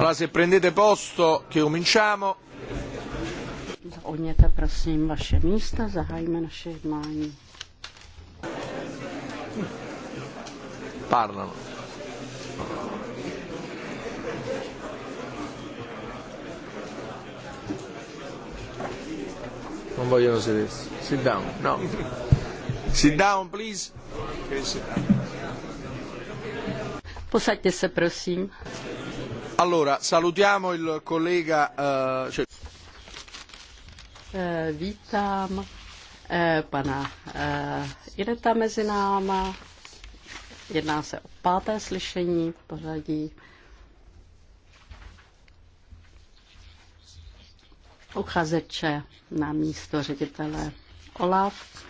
Allora se prendete posto che cominciamo. Zaujměte prosím vaše místa, zahájíme naše jednání. Parlano. Non vogliono sedersi. Sit down, no. Sit down, please. Posaďte se, prosím. Allora, salutiamo il collega... Uh, vítám eh, pana eh, mezi náma. Jedná se o páté slyšení pořadí. uchazeče na místo ředitele OLAF,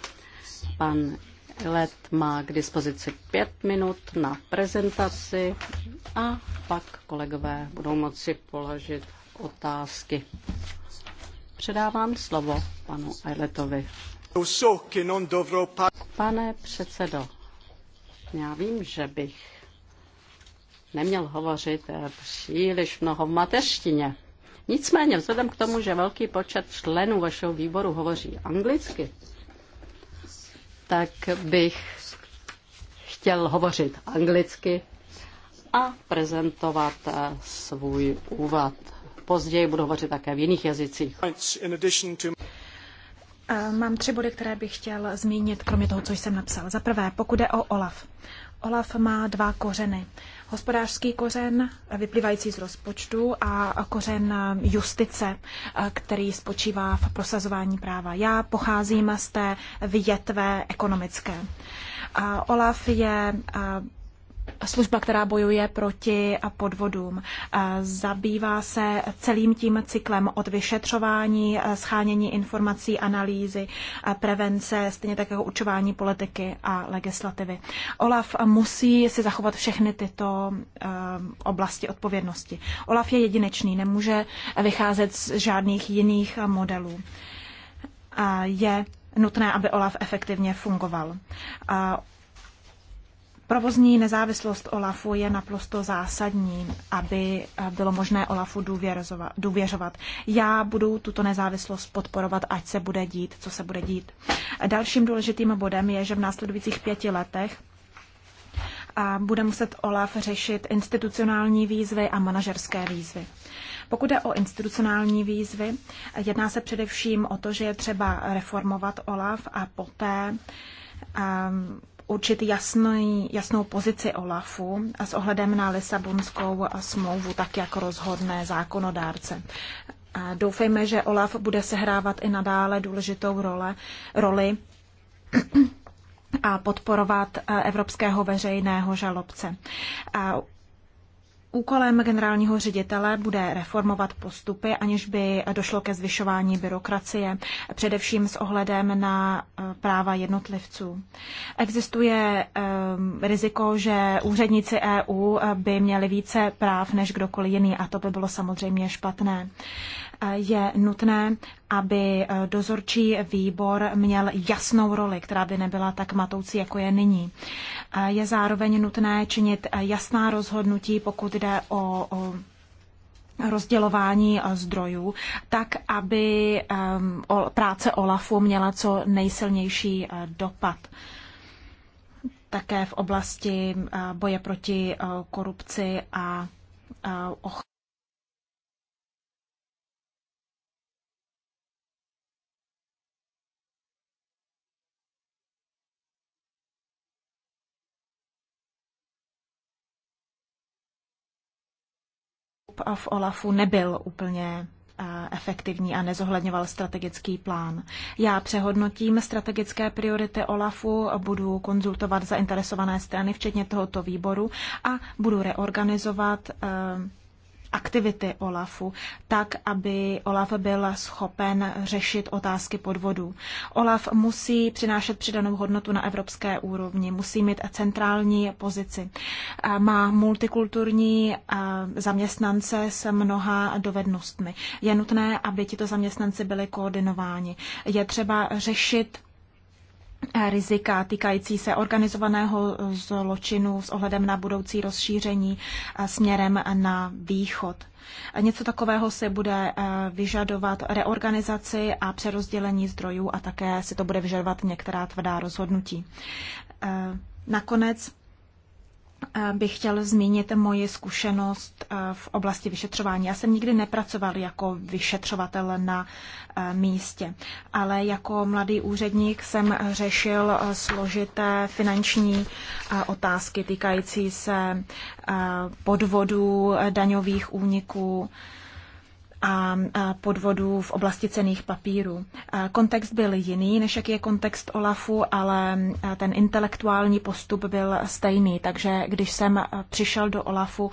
pan let má k dispozici pět minut na prezentaci a pak kolegové budou moci položit otázky. Předávám slovo panu Eiletovi. Pane předsedo, já vím, že bych neměl hovořit příliš mnoho v mateřštině. Nicméně, vzhledem k tomu, že velký počet členů vašeho výboru hovoří anglicky, tak bych chtěl hovořit anglicky a prezentovat eh, svůj úvod. Později budu hovořit také v jiných jazycích. Mám tři body, které bych chtěl zmínit, kromě toho, co jsem napsal. Za prvé, pokud je o OLAF. OLAF má dva kořeny hospodářský kořen vyplývající z rozpočtu a kořen justice, eh, který spočívá v prosazování práva. Já pocházím z té větve ekonomické. Olaf je eh, služba, která bojuje proti podvodům. Zabývá se celým tím cyklem od vyšetřování, schánění informací, analýzy, prevence, stejně tak jako učování politiky a legislativy. OLAF musí si zachovat všechny tyto oblasti odpovědnosti. OLAF je jedinečný, nemůže vycházet z žádných jiných modelů. Je nutné, aby OLAF efektivně fungoval. Provozní nezávislost OLAFu je naprosto zásadní, aby bylo možné OLAFu důvěřovat. Já budu tuto nezávislost podporovat, ať se bude dít, co se bude dít. Dalším důležitým bodem je, že v následujících pěti letech a bude muset OLAF řešit institucionální výzvy a manažerské výzvy. Pokud jde o institucionální výzvy, jedná se především o to, že je třeba reformovat OLAF a poté um, určit jasný, jasnou pozici OLAFu s ohledem na Lisabonskou smlouvu, tak jak rozhodne zákonodárce. Doufejme, že OLAF bude sehrávat i nadále důležitou role, roli a podporovat eh, evropského veřejného žalobce. Úkolem generálního ředitele bude reformovat postupy, aniž by došlo ke zvyšování byrokracie, především s ohledem na e, práva jednotlivců. Existuje e, riziko, že úředníci EU e, by měli více práv než kdokoliv jiný a to by bylo samozřejmě špatné je nutné, aby eh, dozorčí výbor měl jasnou roli, která by nebyla tak matoucí, jako je nyní. Eh, je zároveň nutné činit eh, jasná rozhodnutí, pokud jde o, o rozdělování zdrojů, tak aby ehm, práce OLAFu měla co nejsilnější dopad. Také v oblasti boje proti korupci a ochrany. a v OLAFu nebyl úplně eh, efektivní a nezohledňoval strategický plán. Já přehodnotím strategické priority OLAFu, budu konzultovat zainteresované strany, včetně tohoto výboru, a budu reorganizovat eh, aktivity OLAFu, tak, aby OLAF byl schopen řešit otázky podvodů. OLAF musí přinášet přidanou hodnotu na evropské úrovni, musí mít centrální pozici. Má multikulturní zaměstnance s mnoha dovednostmi. Je nutné, aby tito zaměstnanci byli koordinováni. Je třeba řešit rizika týkající se organizovaného zločinu s ohledem na budoucí rozšíření eh, směrem na východ. Něco takového se bude eh, vyžadovat reorganizaci a přerozdělení zdrojů a také si to bude vyžadovat některá tvrdá rozhodnutí. Eh, nakonec Eh, bych chtěl zmínit moji zkušenost eh, v oblasti vyšetřování. Já jsem nikdy nepracoval jako vyšetřovatel na eh, místě, ale jako mladý úředník jsem řešil složité finanční otázky týkající se podvodů, daňových úniků a podvodů v oblasti cených papírů. Kontext byl jiný, než jak je kontext OLAFu, ale ten intelektuální postup byl stejný. Takže když jsem přišel do OLAFu,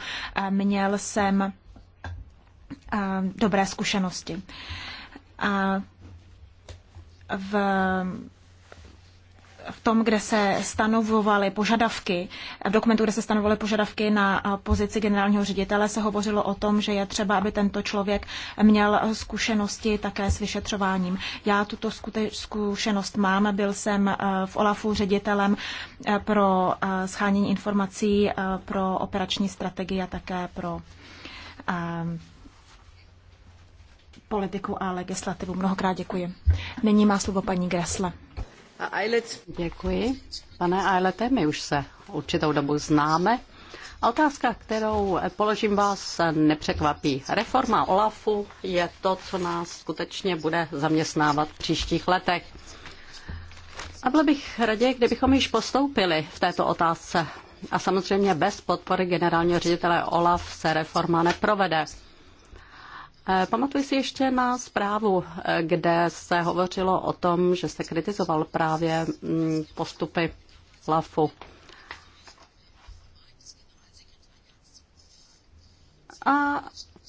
měl jsem dobré zkušenosti. v v tom, kde se stanovovaly požadavky, v dokumentu, kde se stanovovaly požadavky na pozici generálního ředitele, se hovořilo o tom, že je třeba, aby tento člověk měl zkušenosti také s vyšetřováním. Já tuto zkušenost mám, byl jsem v OLAFu ředitelem pro schánění informací pro operační strategii a také pro politiku a legislativu. Mnohokrát děkuji. Nyní má slovo paní Gresle. Děkuji. Pane Eilete, my už se určitou dobu známe. A otázka, kterou položím vás, nepřekvapí. Reforma OLAFu je to, co nás skutečně bude zaměstnávat v příštích letech. A byl bych raději, kdybychom již postoupili v této otázce. A samozřejmě bez podpory generálního ředitele OLAF se reforma neprovede. Eh, Pamatuji si ještě na zprávu, eh, kde se hovořilo o tom, že se kritizoval právě mm, postupy LAFu. A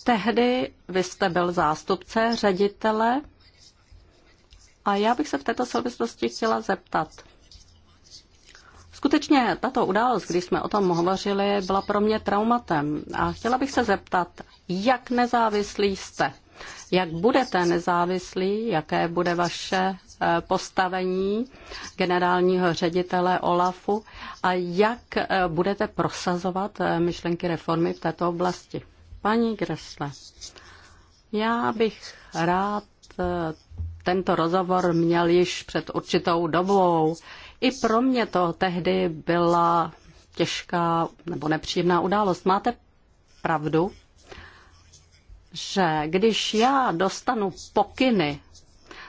tehdy vy jste byl zástupce ředitele a já bych se v této souvislosti chtěla zeptat. Skutečně tato událost, když jsme o tom hovořili, byla pro mě traumatem a chtěla bych se zeptat, jak nezávislí jste. Jak budete nezávislí, jaké bude vaše eh, postavení generálního ředitele OLAFu a jak eh, budete prosazovat eh, myšlenky reformy v této oblasti. Paní Gresle, já bych rád tento rozhovor měl již před určitou dobou. I pro mě to tehdy byla těžká nebo nepříjemná událost. Máte pravdu, že když já dostanu pokyny,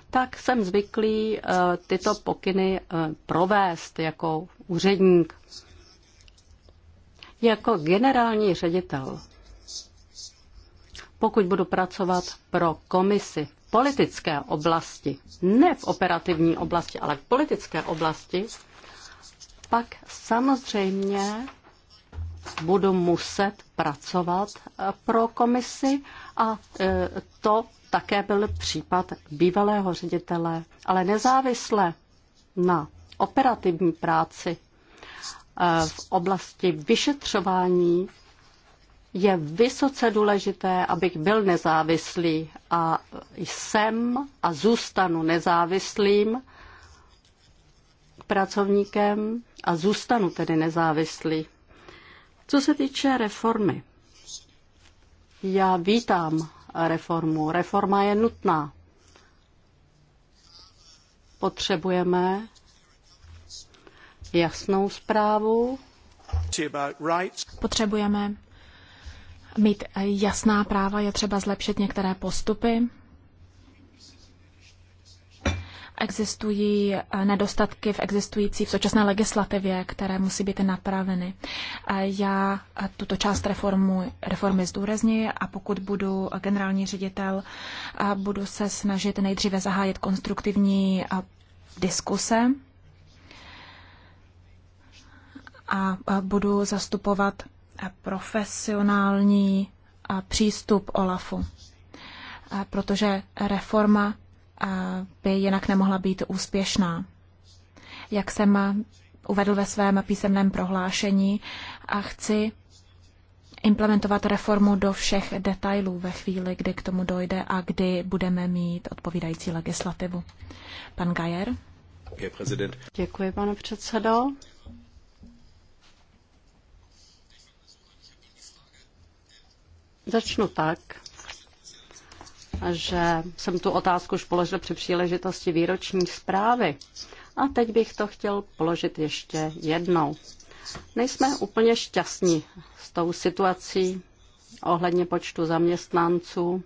tak jsem zvyklý eh, tyto pokyny eh, provést jako úředník. Jako generální ředitel, pokud budu pracovat pro komisi v politické oblasti, ne v operativní oblasti, ale v politické oblasti, pak samozřejmě budu muset pracovat eh, pro komisi a e, to také byl případ bývalého ředitele, ale nezávisle na operativní práci e, v oblasti vyšetřování je vysoce důležité, abych byl nezávislý a jsem a zůstanu nezávislým pracovníkem a zůstanu tedy nezávislý. Co se týče reformy, já vítám reformu. Reforma je nutná. Potřebujeme jasnou zprávu. Potřebujeme mít jasná práva, je třeba zlepšit některé postupy. Existují eh, nedostatky v existující v současné legislativě, které musí být napraveny. Já eh, tuto část reformu, reformy zdůrazněji a pokud budu generální ředitel, eh, budu se snažit nejdříve zahájit konstruktivní diskuse a budu zastupovat profesionální přístup OLAFu, protože reforma by jinak nemohla být úspěšná. Jak jsem uvedl ve svém písemném prohlášení, a chci implementovat reformu do všech detailů ve chvíli, kdy k tomu dojde a kdy budeme mít odpovídající legislativu. Pan Gajer. Děkuji, pane předsedo. Začnu tak, že jsem tu otázku už položil při příležitosti výroční zprávy. A teď bych to chtěl položit ještě jednou. Nejsme úplně šťastní s tou situací ohledně počtu zaměstnanců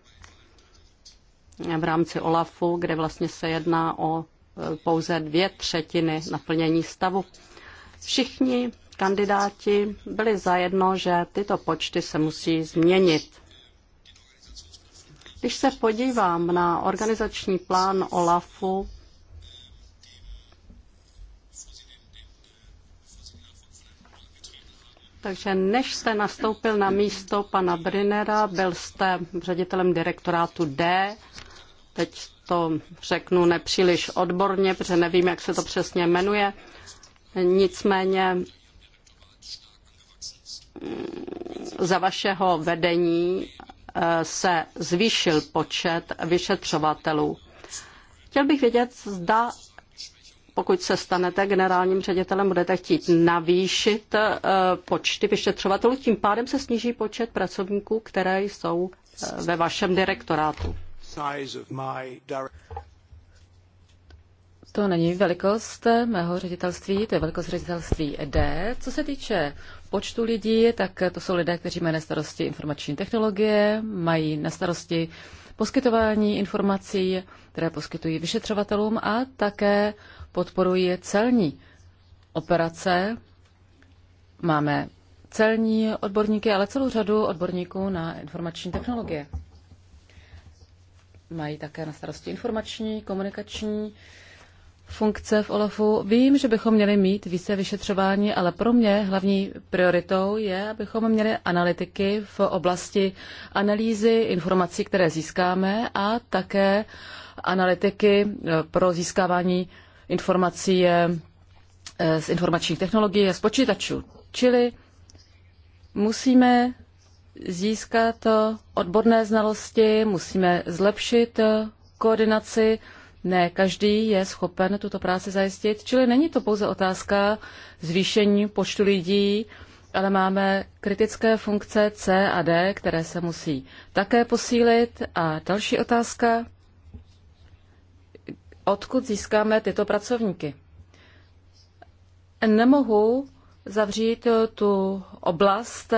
v rámci OLAFu, kde vlastně se jedná o e, pouze dvě třetiny naplnění stavu. Všichni kandidáti byli zajedno, že tyto počty se musí změnit. Když se podívám na organizační plán OLAFu, Takže než jste nastoupil na místo pana Brinera, byl jste ředitelem direktorátu D. Teď to řeknu nepříliš odborně, protože nevím, jak se to přesně jmenuje. Nicméně mm, za vašeho vedení se zvýšil počet vyšetřovatelů. Chtěl bych vědět, zda pokud se stanete generálním ředitelem, budete chtít navýšit eh, počty vyšetřovatelů, tím pádem se sníží počet pracovníků, které jsou eh, ve vašem direktorátu. To není velikost mého ředitelství, to je velikost ředitelství D. Co se týče počtu lidí, tak to jsou lidé, kteří mají na starosti informační technologie, mají na starosti poskytování informací, které poskytují vyšetřovatelům a také podporují celní operace. Máme celní odborníky, ale celou řadu odborníků na informační technologie. Mají také na starosti informační, komunikační funkce v OLAFu. Vím, že bychom měli mít více vyšetřování, ale pro mě hlavní prioritou je, abychom měli analytiky v oblasti analýzy informací, které získáme a také analytiky e, pro získávání informací e, z informačních technologií a z počítačů. Čili musíme získat odborné znalosti, musíme zlepšit e, koordinaci ne každý je schopen tuto práci zajistit, čili není to pouze otázka zvýšení počtu lidí, ale máme kritické funkce C a D, které se musí také posílit. A další otázka, odkud získáme tyto pracovníky? Nemohu zavřít tu oblast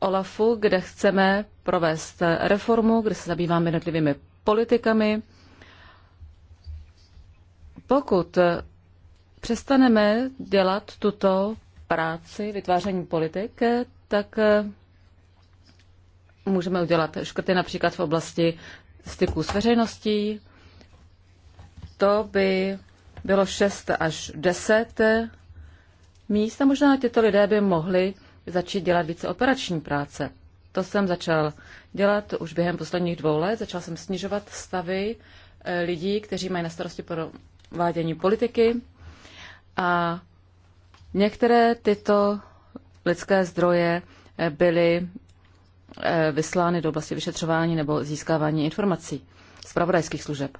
OLAFu, kde chceme provést reformu, kde se zabýváme jednotlivými politikami, pokud přestaneme dělat tuto práci vytváření politik, tak eh, můžeme udělat škrty například v oblasti styků s veřejností. To by bylo 6 až 10 eh, míst a možná těto lidé by mohli začít dělat více operační práce. To jsem začal dělat už během posledních dvou let. Začal jsem snižovat stavy eh, lidí, kteří mají na starosti vádění politiky a některé tyto lidské zdroje eh, byly eh, vyslány do oblasti vyšetřování nebo získávání informací z pravodajských služeb.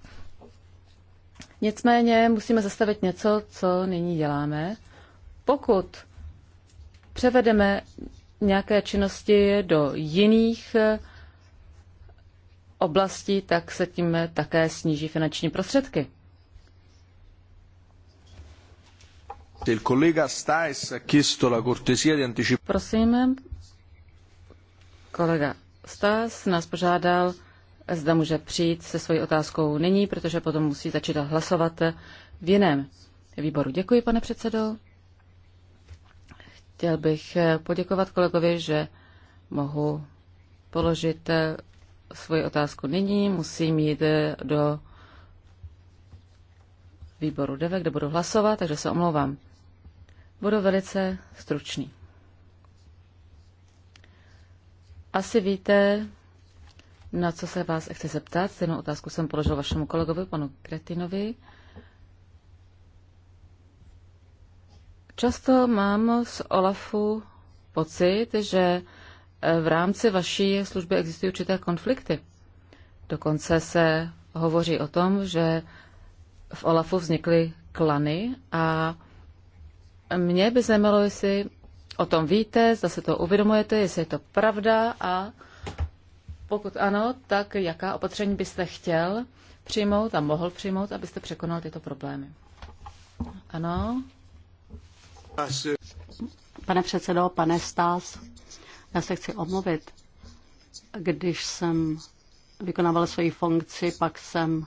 Nicméně musíme zastavit něco, co nyní děláme. Pokud převedeme nějaké činnosti do jiných eh, oblastí, tak se tím také sníží finanční prostředky. Prosím, kolega Stais nás požádal, zda může přijít se svojí otázkou nyní, protože potom musí začít hlasovat v jiném výboru. Děkuji, pane předsedo. Chtěl bych poděkovat kolegovi, že mohu položit svoji otázku nyní. Musím jít do výboru DEVE, kde budu hlasovat, takže se omlouvám. Budu velice stručný. Asi víte, na co se vás chci zeptat. Stejnou otázku jsem položil vašemu kolegovi, panu Kretinovi. Často mám z Olafu pocit, že eh, v rámci vaší služby existují určité konflikty. Dokonce se hovoří o tom, že v Olafu vznikly klany a mě by zajímalo, jestli o tom víte, zda se to uvědomujete, jestli je to pravda a pokud ano, tak jaká opatření byste chtěl přijmout a mohl přijmout, abyste překonal tyto problémy? Ano? Pane předsedo, pane Stás, já se chci omluvit. Když jsem vykonával svoji funkci, pak jsem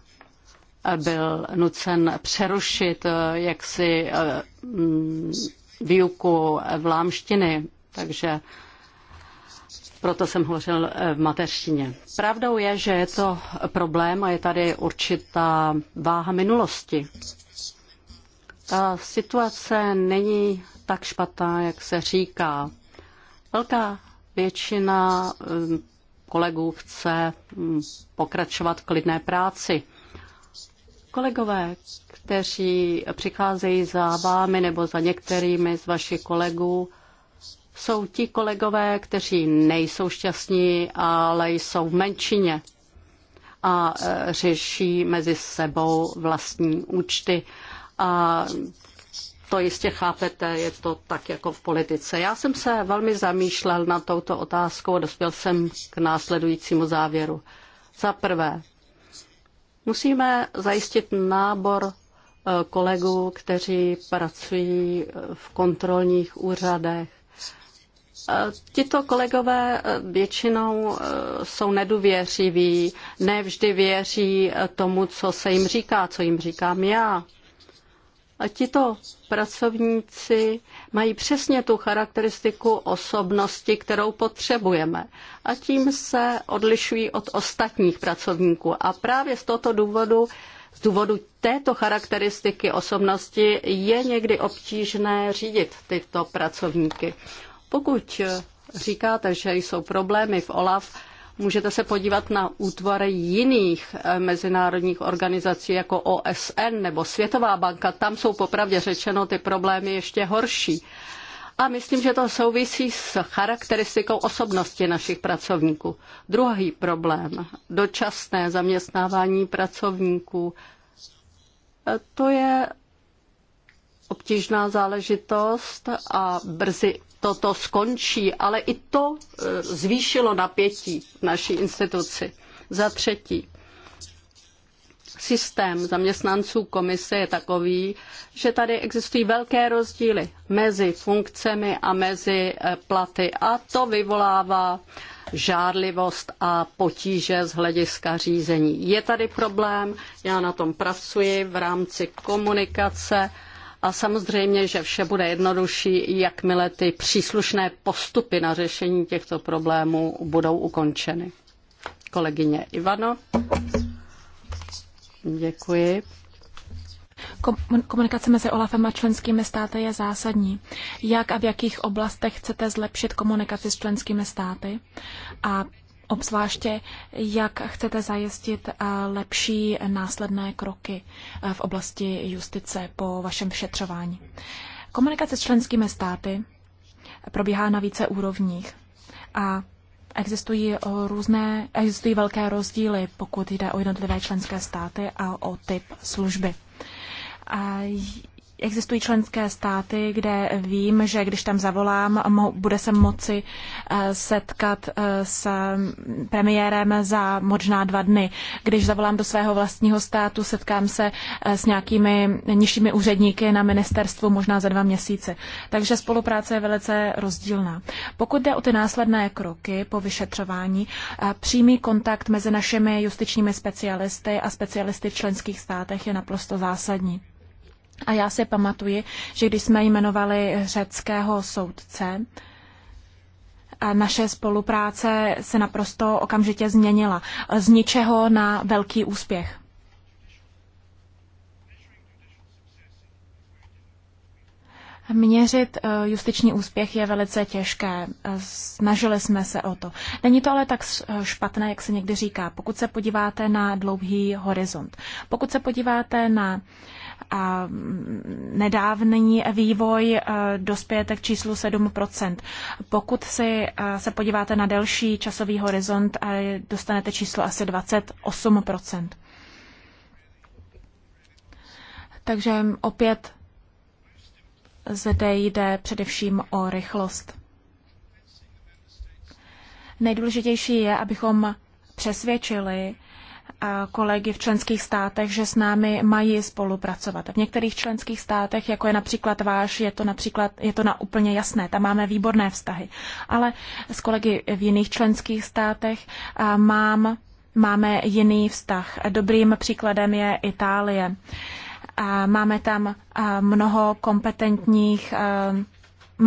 byl nucen přerušit eh, jaksi eh, výuku vlámštiny, takže proto jsem hovořil eh, v mateřštině. Pravdou je, že je to problém a je tady určitá váha minulosti. Ta situace není tak špatná, jak se říká. Velká většina kolegů chce hm, pokračovat v klidné práci. Kolegové, kteří přicházejí za vámi nebo za některými z vašich kolegů, jsou ti kolegové, kteří nejsou šťastní, ale jsou v menšině a e, řeší mezi sebou vlastní účty. A to jistě chápete, je to tak jako v politice. Já jsem se velmi zamýšlel na touto otázkou a dospěl jsem k následujícímu závěru. Za prvé, Musíme zajistit nábor eh, kolegů, kteří pracují eh, v kontrolních úřadech. Eh, tito kolegové většinou jsou nedůvěřiví, nevždy věří tomu, co se jim říká, co jim říkám já. A tito pracovníci mají přesně tu charakteristiku osobnosti, kterou potřebujeme. A tím se odlišují od ostatních pracovníků. A právě z tohoto důvodu, z důvodu této charakteristiky osobnosti, je někdy obtížné řídit tyto pracovníky. Pokud říkáte, že jsou problémy v OLAF, Můžete se podívat na útvary jiných eh, mezinárodních organizací jako OSN nebo Světová banka. Tam jsou popravdě řečeno ty problémy ještě horší. A myslím, že to souvisí s charakteristikou osobnosti našich pracovníků. Druhý problém, dočasné zaměstnávání pracovníků. Eh, to je obtížná záležitost a brzy toto skončí, ale i to e, zvýšilo napětí v naší instituci. Za třetí, systém zaměstnanců komise je takový, že tady existují velké rozdíly mezi funkcemi a mezi e, platy a to vyvolává žádlivost a potíže z hlediska řízení. Je tady problém, já na tom pracuji v rámci komunikace a samozřejmě, že vše bude jednodušší, jakmile ty příslušné postupy na řešení těchto problémů budou ukončeny. Kolegyně Ivano. Děkuji. Komunikace mezi OLAFem a členskými státy je zásadní. Jak a v jakých oblastech chcete zlepšit komunikaci s členskými státy? A Obzvláště, jak chcete zajistit eh, lepší následné kroky eh, v oblasti justice po vašem vyšetřování. Komunikace s členskými státy probíhá na více úrovních a existují různé, existují velké rozdíly, pokud jde o jednotlivé členské státy a o typ služby. A Existují členské státy, kde vím, že když tam zavolám, bude se moci eh, setkat eh, s premiérem za možná dva dny. Když zavolám do svého vlastního státu, setkám se eh, s nějakými nižšími úředníky na ministerstvu možná za dva měsíce. Takže spolupráce je velice rozdílná. Pokud jde o ty následné kroky po vyšetřování, přímý kontakt mezi našimi justičními specialisty a specialisty v členských státech je naprosto zásadní. A já si pamatuji, že když jsme jmenovali řeckého soudce, a naše spolupráce se naprosto okamžitě změnila. Z ničeho na velký úspěch. Měřit eh, justiční úspěch je velice těžké. Snažili jsme se o to. Není to ale tak eh, špatné, jak se někdy říká, pokud se podíváte na dlouhý horizont. Pokud se podíváte na uh, a nedávný vývoj eh, dospějete k číslu 7%. Pokud si eh, se podíváte na delší časový horizont, eh, dostanete číslo asi 28%. Takže opět zde jde především o rychlost. Nejdůležitější je, abychom přesvědčili kolegy v členských státech, že s námi mají spolupracovat. V některých členských státech, jako je například váš, je to, například, je to na úplně jasné, tam máme výborné vztahy. Ale s kolegy v jiných členských státech mám, máme jiný vztah. Dobrým příkladem je Itálie. Máme tam mnoho kompetentních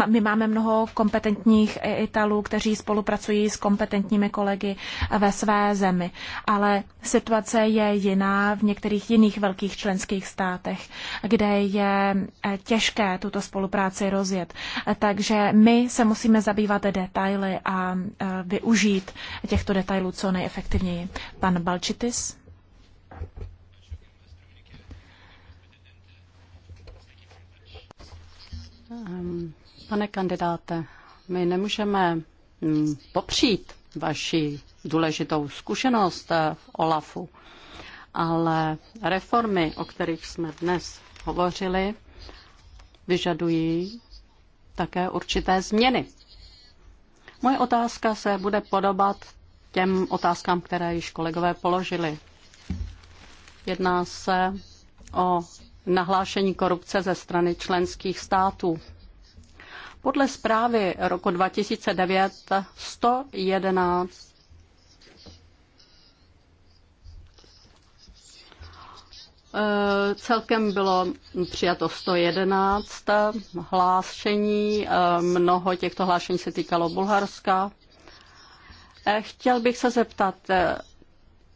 my máme mnoho kompetentních Italů, kteří spolupracují s kompetentními kolegy ve své zemi, ale situace je jiná v některých jiných velkých členských státech, kde je e, těžké tuto spolupráci rozjet. E, takže my se musíme zabývat detaily a e, využít těchto detailů co nejefektivněji. Pan Balčitis. Um. Pane kandidáte, my nemůžeme hm, popřít vaši důležitou zkušenost eh, v OLAFu, ale reformy, o kterých jsme dnes hovořili, vyžadují také určité změny. Moje otázka se bude podobat těm otázkám, které již kolegové položili. Jedná se o nahlášení korupce ze strany členských států. Podle zprávy roku 2009 111 eh, Celkem bylo přijato 111 hlášení, eh, mnoho těchto hlášení se týkalo Bulharska. Eh, chtěl bych se zeptat,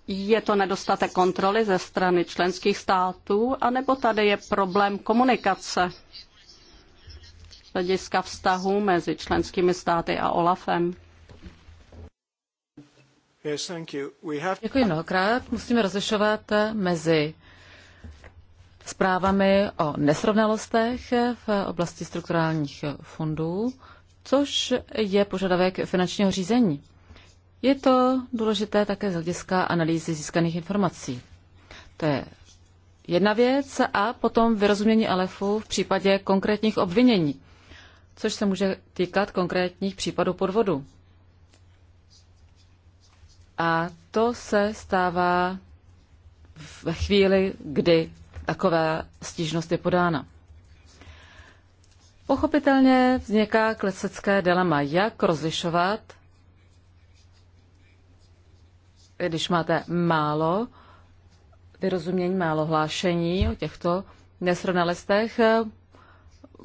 je to nedostatek kontroly ze strany členských států, anebo tady je problém komunikace? hlediska vztahu mezi členskými státy a OLAFem? Yes, Děkuji mnohokrát. Musíme rozlišovat mezi zprávami o nesrovnalostech v oblasti strukturálních fondů, což je požadavek finančního řízení. Je to důležité také z hlediska analýzy získaných informací. To je jedna věc a potom vyrozumění Alefu v případě konkrétních obvinění což se může týkat konkrétních případů podvodu. A to se stává ve chvíli, kdy taková stížnost je podána. Pochopitelně vzniká klesecké dilema, jak rozlišovat, když máte málo vyrozumění, málo hlášení o těchto nesrovnalostech,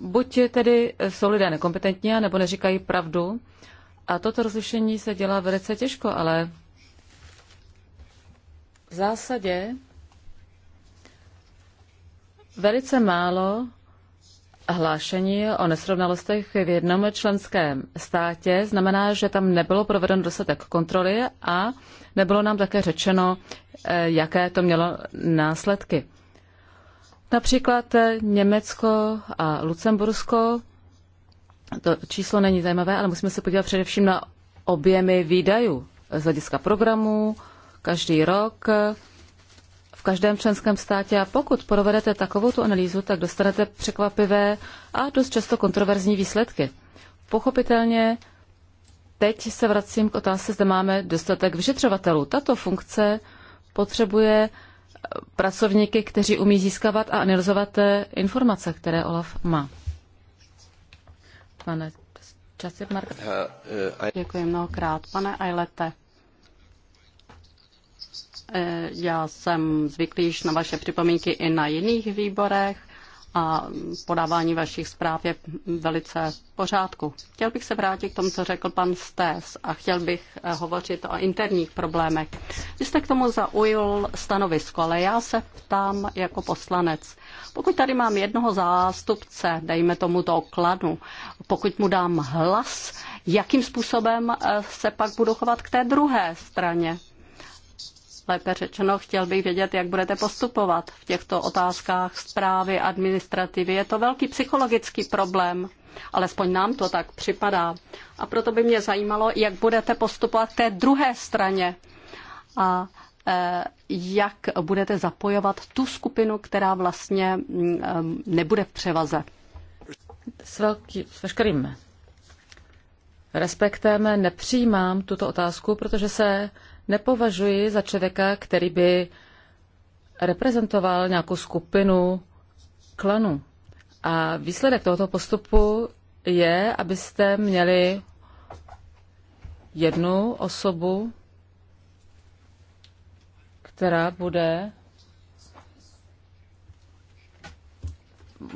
buď tedy jsou lidé nekompetentní, nebo neříkají pravdu. A toto rozlišení se dělá velice těžko, ale v zásadě velice málo hlášení o nesrovnalostech v jednom členském státě znamená, že tam nebylo provedeno dostatek kontroly a nebylo nám také řečeno, eh, jaké to mělo následky. Například eh, Německo a Lucembursko. To číslo není zajímavé, ale musíme se podívat především na objemy výdajů z hlediska programů každý rok eh, v každém členském státě a pokud provedete takovou tu analýzu, tak dostanete překvapivé a dost často kontroverzní výsledky. Pochopitelně teď se vracím k otázce, zda máme dostatek vyšetřovatelů. Tato funkce potřebuje pracovníky, kteří umí získávat a analyzovat eh, informace, které OLAF má. Pane Časip Mark. Uh, uh, Děkuji mnohokrát. Pane Ajlete, eh, já jsem zvyklý již na vaše připomínky i na jiných výborech a podávání vašich zpráv je velice v pořádku. Chtěl bych se vrátit k tomu, co řekl pan Stés a chtěl bych eh, hovořit o interních problémech. Vy jste k tomu zaujil stanovisko, ale já se ptám jako poslanec. Pokud tady mám jednoho zástupce, dejme tomu to okladu, pokud mu dám hlas, jakým způsobem eh, se pak budu chovat k té druhé straně? lépe řečeno, chtěl bych vědět, jak budete postupovat v těchto otázkách zprávy, administrativy. Je to velký psychologický problém, alespoň nám to tak připadá. A proto by mě zajímalo, jak budete postupovat té druhé straně a e, jak budete zapojovat tu skupinu, která vlastně e, nebude v převaze. S, velký, s veškerým respektem nepřijímám tuto otázku, protože se nepovažuji za člověka, který by reprezentoval nějakou skupinu klanu. A výsledek tohoto postupu je, abyste měli jednu osobu, která bude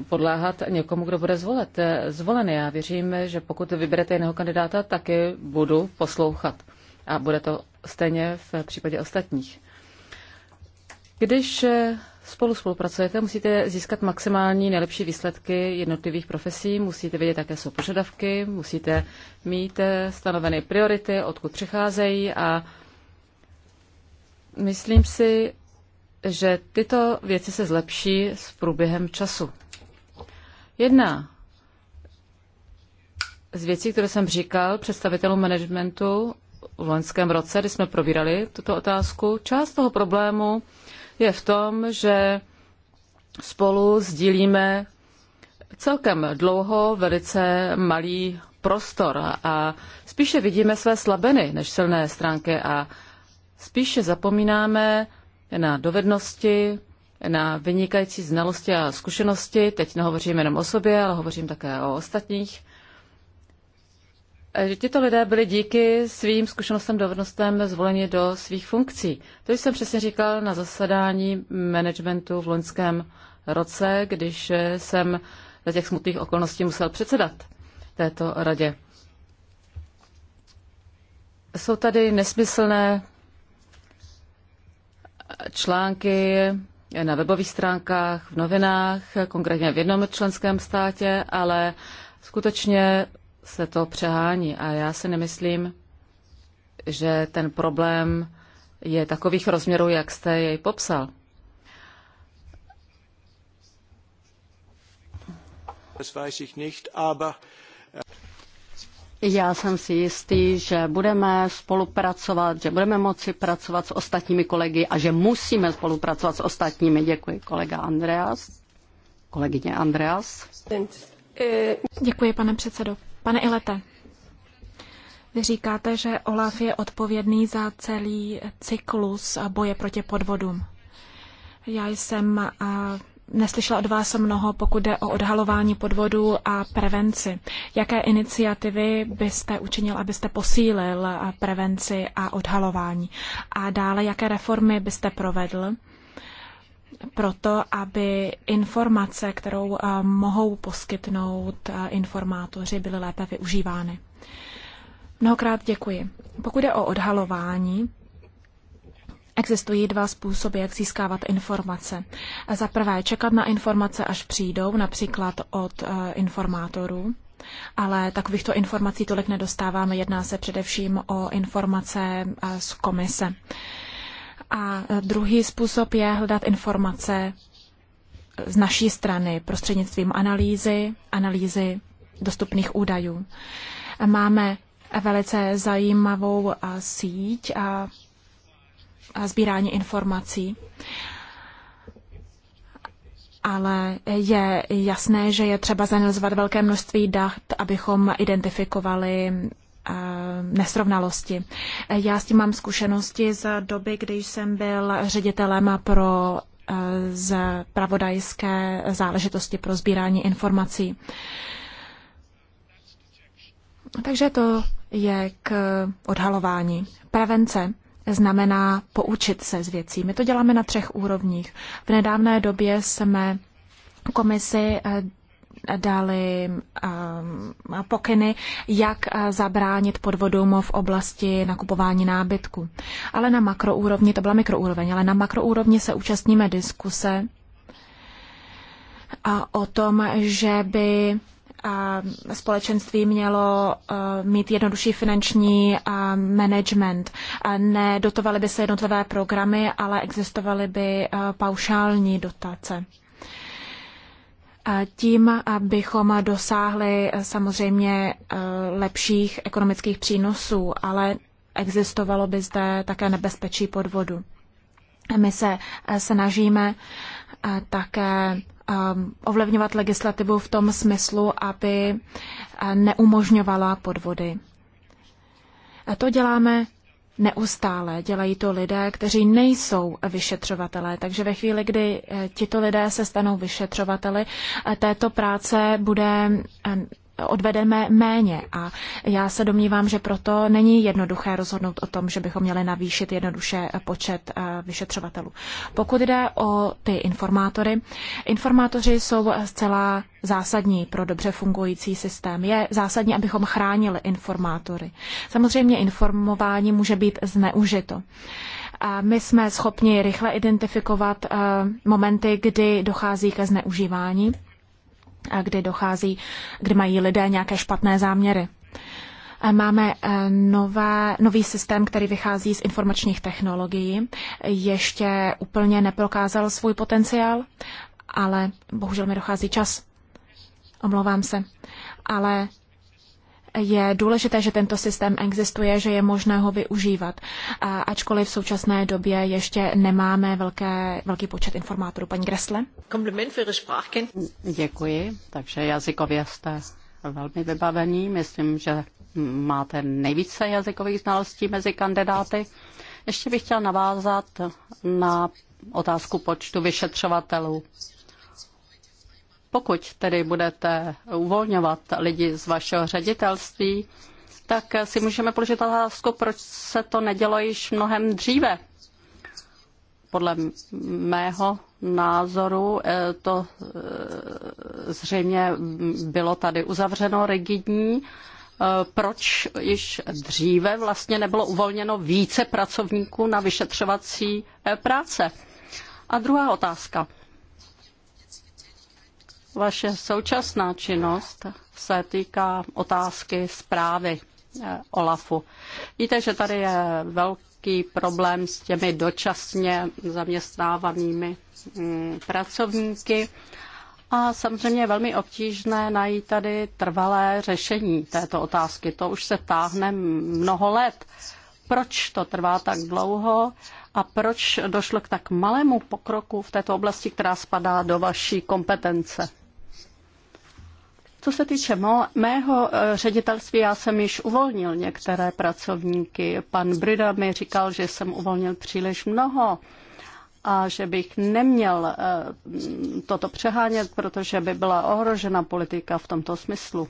podléhat někomu, kdo bude zvolen. Já věřím, že pokud vyberete jiného kandidáta, taky budu poslouchat a bude to stejně v případě ostatních. Když eh, spolu spolupracujete, musíte získat maximální nejlepší výsledky jednotlivých profesí, musíte vědět, jaké jsou požadavky, musíte mít eh, stanovené priority, odkud přicházejí a myslím si, že tyto věci se zlepší s průběhem času. Jedna z věcí, které jsem říkal představitelům managementu, v loňském roce, kdy jsme probírali tuto otázku. Část toho problému je v tom, že spolu sdílíme celkem dlouho velice malý prostor a spíše vidíme své slabiny než silné stránky a spíše zapomínáme na dovednosti, na vynikající znalosti a zkušenosti. Teď nehovořím jenom o sobě, ale hovořím také o ostatních že tito lidé byli díky svým zkušenostem dovednostem zvoleni do svých funkcí. To jsem přesně říkal na zasedání managementu v loňském roce, když jsem za těch smutných okolností musel předsedat této radě. Jsou tady nesmyslné články na webových stránkách, v novinách, konkrétně v jednom členském státě, ale skutečně se to přehání a já si nemyslím, že ten problém je takových rozměrů, jak jste jej popsal. Já jsem si jistý, že budeme spolupracovat, že budeme moci pracovat s ostatními kolegy a že musíme spolupracovat s ostatními. Děkuji kolega Andreas, kolegyně Andreas. Děkuji, pane předsedo. Pane Ilete, vy říkáte, že Olaf je odpovědný za celý cyklus boje proti podvodům. Já jsem neslyšela od vás mnoho, pokud jde o odhalování podvodů a prevenci. Jaké iniciativy byste učinil, abyste posílil prevenci a odhalování? A dále, jaké reformy byste provedl? proto, aby informace, kterou eh, mohou poskytnout eh, informátoři, byly lépe využívány. Mnohokrát děkuji. Pokud je o odhalování, Existují dva způsoby, jak získávat informace. Za prvé, čekat na informace, až přijdou, například od e, informátorů. Ale takovýchto informací tolik nedostáváme. Jedná se především o informace e, z komise. E, a e, druhý způsob je hledat informace z naší strany prostřednictvím analýzy, analýzy dostupných údajů. Máme velice zajímavou e, síť a sbírání informací ale je jasné, že je třeba zanalizovat velké množství dat, abychom identifikovali Eh, nesrovnalosti. Eh, já s tím mám zkušenosti z doby, kdy jsem byl ředitelem pro eh, z pravodajské záležitosti pro sbírání informací. Takže to je k odhalování. Prevence znamená poučit se z věcí. My to děláme na třech úrovních. V nedávné době jsme komisi dali um, pokyny, jak eh, zabránit podvodům v oblasti nakupování nábytku. Ale na makroúrovni, to byla mikroúroveň, ale na makroúrovni se účastníme diskuse a eh, o tom, že by eh, společenství mělo mít jednodušší finanční management. Nedotovaly by se jednotlivé programy, ale existovaly by paušální dotace. Tím abychom dosáhli eh, samozřejmě eh, lepších ekonomických přínosů, ale existovalo by zde také nebezpečí podvodu. My se eh, snažíme také ovlivňovat legislativu v tom smyslu, aby neumožňovala podvody. To děláme neustále. Dělají to lidé, kteří nejsou vyšetřovatelé. Takže ve chvíli, kdy eh, tito lidé se stanou vyšetřovateli, eh, této práce bude eh, odvedeme méně. A já se domnívám, že proto není jednoduché rozhodnout o tom, že bychom měli navýšit jednoduše počet eh, vyšetřovatelů. Pokud jde o ty informátory, informátoři jsou zcela zásadní pro dobře fungující systém. Je zásadní, abychom chránili informátory. Samozřejmě informování může být zneužito. A my jsme schopni rychle identifikovat eh, momenty, kdy dochází ke zneužívání kdy dochází, kdy mají lidé nějaké špatné záměry. Máme eh, nové, nový systém, který vychází z informačních technologií. Ještě úplně neprokázal svůj potenciál, ale bohužel mi dochází čas. Omlouvám se. Ale je důležité, že tento systém existuje, že je možné ho využívat, ačkoliv v současné době ještě nemáme velké, velký počet informátorů. Paní Gressle? Kompliment für Děkuji, takže jazykově jste velmi vybavený. Myslím, že máte nejvíce jazykových znalostí mezi kandidáty. Ještě bych chtěl navázat na otázku počtu vyšetřovatelů. Pokud tedy budete uvolňovat lidi z vašeho ředitelství, tak si můžeme položit otázku, proč se to nedělo již mnohem dříve. Podle mého názoru eh, to eh, zřejmě bylo tady uzavřeno rigidní. Eh, proč již dříve vlastně nebylo uvolněno více pracovníků na vyšetřovací práce? A druhá otázka. Vaše současná činnost se týká otázky zprávy eh, OLAFu. Víte, že tady je velký problém s těmi dočasně zaměstnávanými mm, pracovníky a samozřejmě je velmi obtížné najít tady trvalé řešení této otázky. To už se táhne mnoho let. Proč to trvá tak dlouho a proč došlo k tak malému pokroku v této oblasti, která spadá do vaší kompetence? Co se týče mého eh, ředitelství, já jsem již uvolnil některé pracovníky. Pan Brida mi říkal, že jsem uvolnil příliš mnoho a že bych neměl eh, toto přehánět, protože by byla ohrožena politika v tomto smyslu.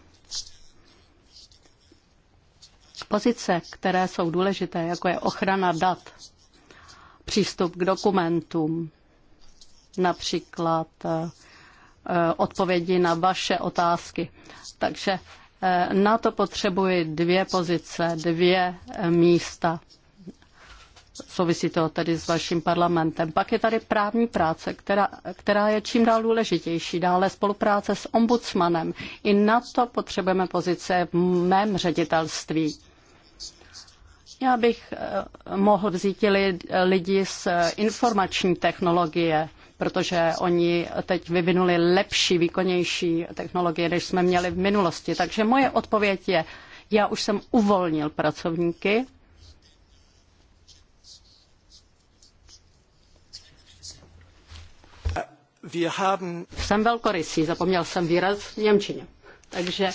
Pozice, které jsou důležité, jako je ochrana dat, přístup k dokumentům, například eh, Eh, odpovědi na vaše otázky. Takže eh, na to potřebuji dvě pozice, dvě eh, místa. Souvisí to tedy s vaším parlamentem. Pak je tady právní práce, která, která je čím dál důležitější. Dále spolupráce s ombudsmanem. I na to potřebujeme pozice v mém ředitelství. Já bych mohl vzít lidi z informační technologie protože oni teď vyvinuli lepší, výkonnější technologie, než jsme měli v minulosti. Takže moje odpověď je, já už jsem uvolnil pracovníky. Jsem velkorysý, zapomněl jsem výraz v Němčině. Takže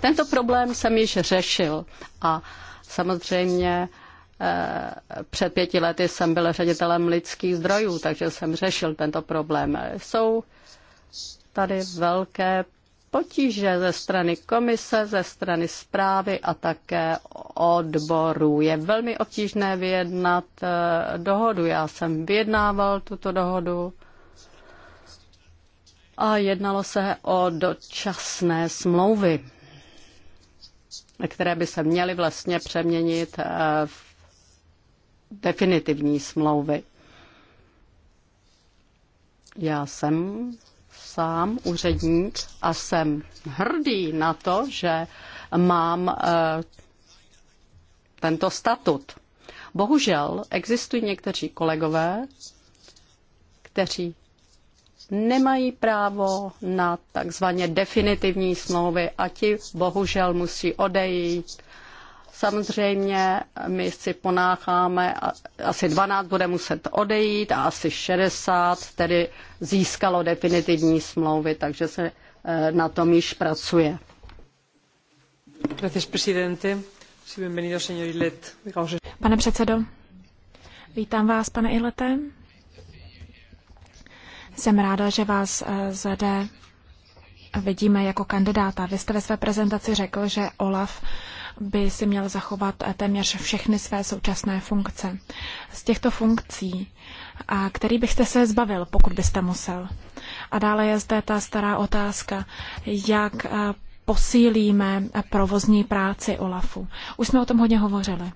tento problém jsem již řešil a samozřejmě před pěti lety jsem byl ředitelem lidských zdrojů, takže jsem řešil tento problém. Jsou tady velké potíže ze strany komise, ze strany zprávy a také odborů. Je velmi obtížné vyjednat eh, dohodu. Já jsem vyjednával tuto dohodu a jednalo se o dočasné smlouvy, které by se měly vlastně přeměnit eh, v definitivní smlouvy. Já jsem sám úředník a jsem hrdý na to, že mám eh, tento statut. Bohužel existují někteří kolegové, kteří nemají právo na takzvaně definitivní smlouvy a ti bohužel musí odejít Samozřejmě my si ponácháme, asi 12 bude muset odejít a asi 60 tedy získalo definitivní smlouvy, takže se eh, na tom již pracuje. Pane předsedo, vítám vás, pane Ilete. Jsem ráda, že vás eh, zde vidíme jako kandidáta. Vy jste ve své prezentaci řekl, že Olaf by si měl zachovat téměř všechny své současné funkce. Z těchto funkcí, a který byste se zbavil, pokud byste musel? A dále je zde ta stará otázka, jak eh, posílíme eh, provozní práci OLAFu. Už jsme o tom hodně hovořili.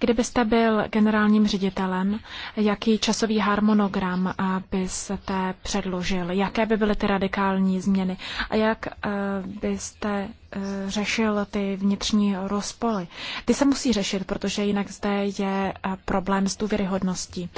Kdybyste byl generálním ředitelem, jaký časový harmonogram eh, byste předložil? Jaké by byly ty radikální změny? A jak byste Eh, řešil ty vnitřní rozpoly. Ty se musí řešit, protože jinak zde je eh, problém s důvěryhodností.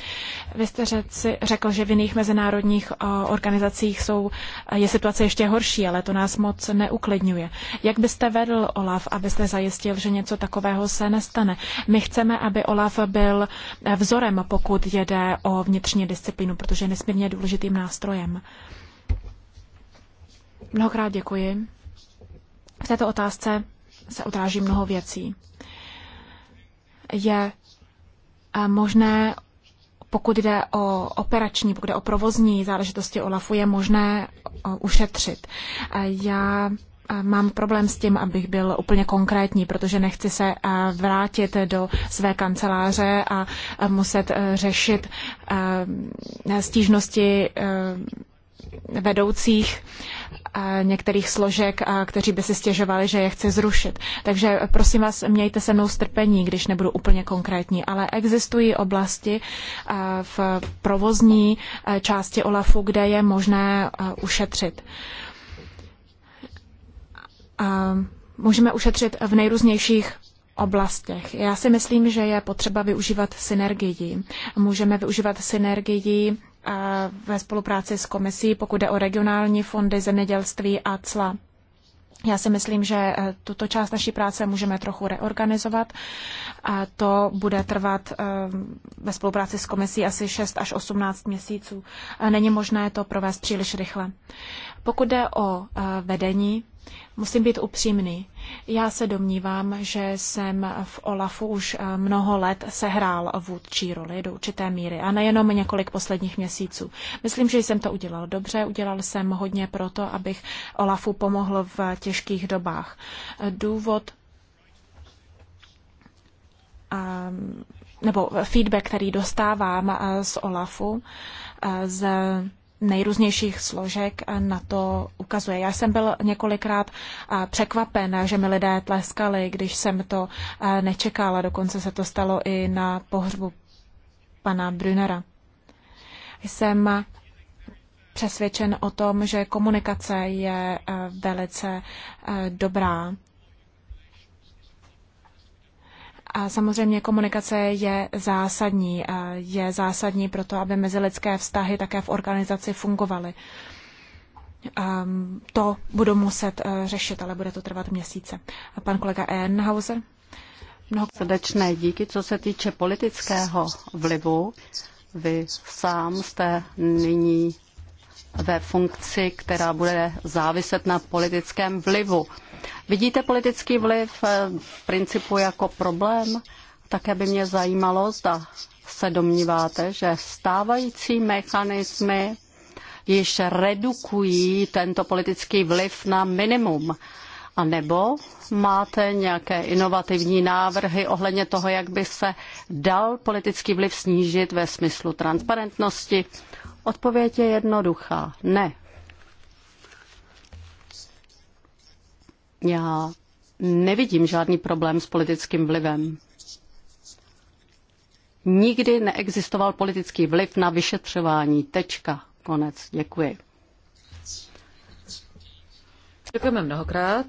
Vy jste řeci, řekl, že v jiných mezinárodních eh, organizacích jsou, je situace ještě horší, ale to nás moc neuklidňuje. Jak byste vedl Olaf, abyste zajistil, že něco takového se nestane? My chceme, aby Olaf byl vzorem, pokud jede o vnitřní disciplínu, protože je nesmírně důležitým nástrojem. Mnohokrát děkuji. V této otázce se odráží mnoho věcí. Je eh, možné, pokud jde o operační, pokud jde o provozní záležitosti OLAFu, je možné eh, ušetřit. Eh, já Mám problém s tím, abych byl úplně konkrétní, protože nechci se vrátit do své kanceláře a muset řešit stížnosti vedoucích některých složek, kteří by si stěžovali, že je chci zrušit. Takže prosím vás, mějte se mnou strpení, když nebudu úplně konkrétní, ale existují oblasti v provozní části OLAFu, kde je možné ušetřit. můžeme ušetřit v nejrůznějších oblastech. Já si myslím, že je potřeba využívat synergii. Můžeme využívat synergii ve spolupráci s komisí, pokud jde o regionální fondy, zemědělství a cla. Já si myslím, že e, tuto část naší práce můžeme trochu reorganizovat a to bude trvat e, ve spolupráci s komisí asi 6 až 18 měsíců. E, není možné to provést příliš rychle. Pokud jde o vedení, musím být upřímný. Já se domnívám, že jsem v OLAFu už eh, mnoho let sehrál vůdčí roli do určité míry a nejenom několik posledních měsíců. Myslím, že jsem to udělal dobře, udělal jsem hodně proto, abych OLAFu pomohl v těžkých dobách. Eh, důvod ehm, nebo feedback, který dostávám eh, z OLAFu, z nejrůznějších složek na to ukazuje. Já jsem byl několikrát překvapen, že mi lidé tleskali, když jsem to nečekala. Dokonce se to stalo i na pohřbu pana Brunera. Jsem přesvědčen o tom, že komunikace je velice dobrá a samozřejmě komunikace je zásadní. Je zásadní pro to, aby mezilidské vztahy také v organizaci fungovaly. Ehm, to budu muset eh, řešit, ale bude to trvat měsíce. A pan kolega Ehrenhauser? Mnoho... Srdečné díky, co se týče politického vlivu. Vy sám jste nyní ve funkci, která bude záviset na politickém vlivu. Vidíte politický vliv v eh, principu jako problém? Také by mě zajímalo, zda se domníváte, že stávající mechanismy již redukují tento politický vliv na minimum. A nebo máte nějaké inovativní návrhy ohledně toho, jak by se dal politický vliv snížit ve smyslu transparentnosti? Odpověď je jednoduchá. Ne, Já nevidím žádný problém s politickým vlivem. Nikdy neexistoval politický vliv na vyšetřování. Tečka. Konec. Děkuji. Děkujeme mnohokrát,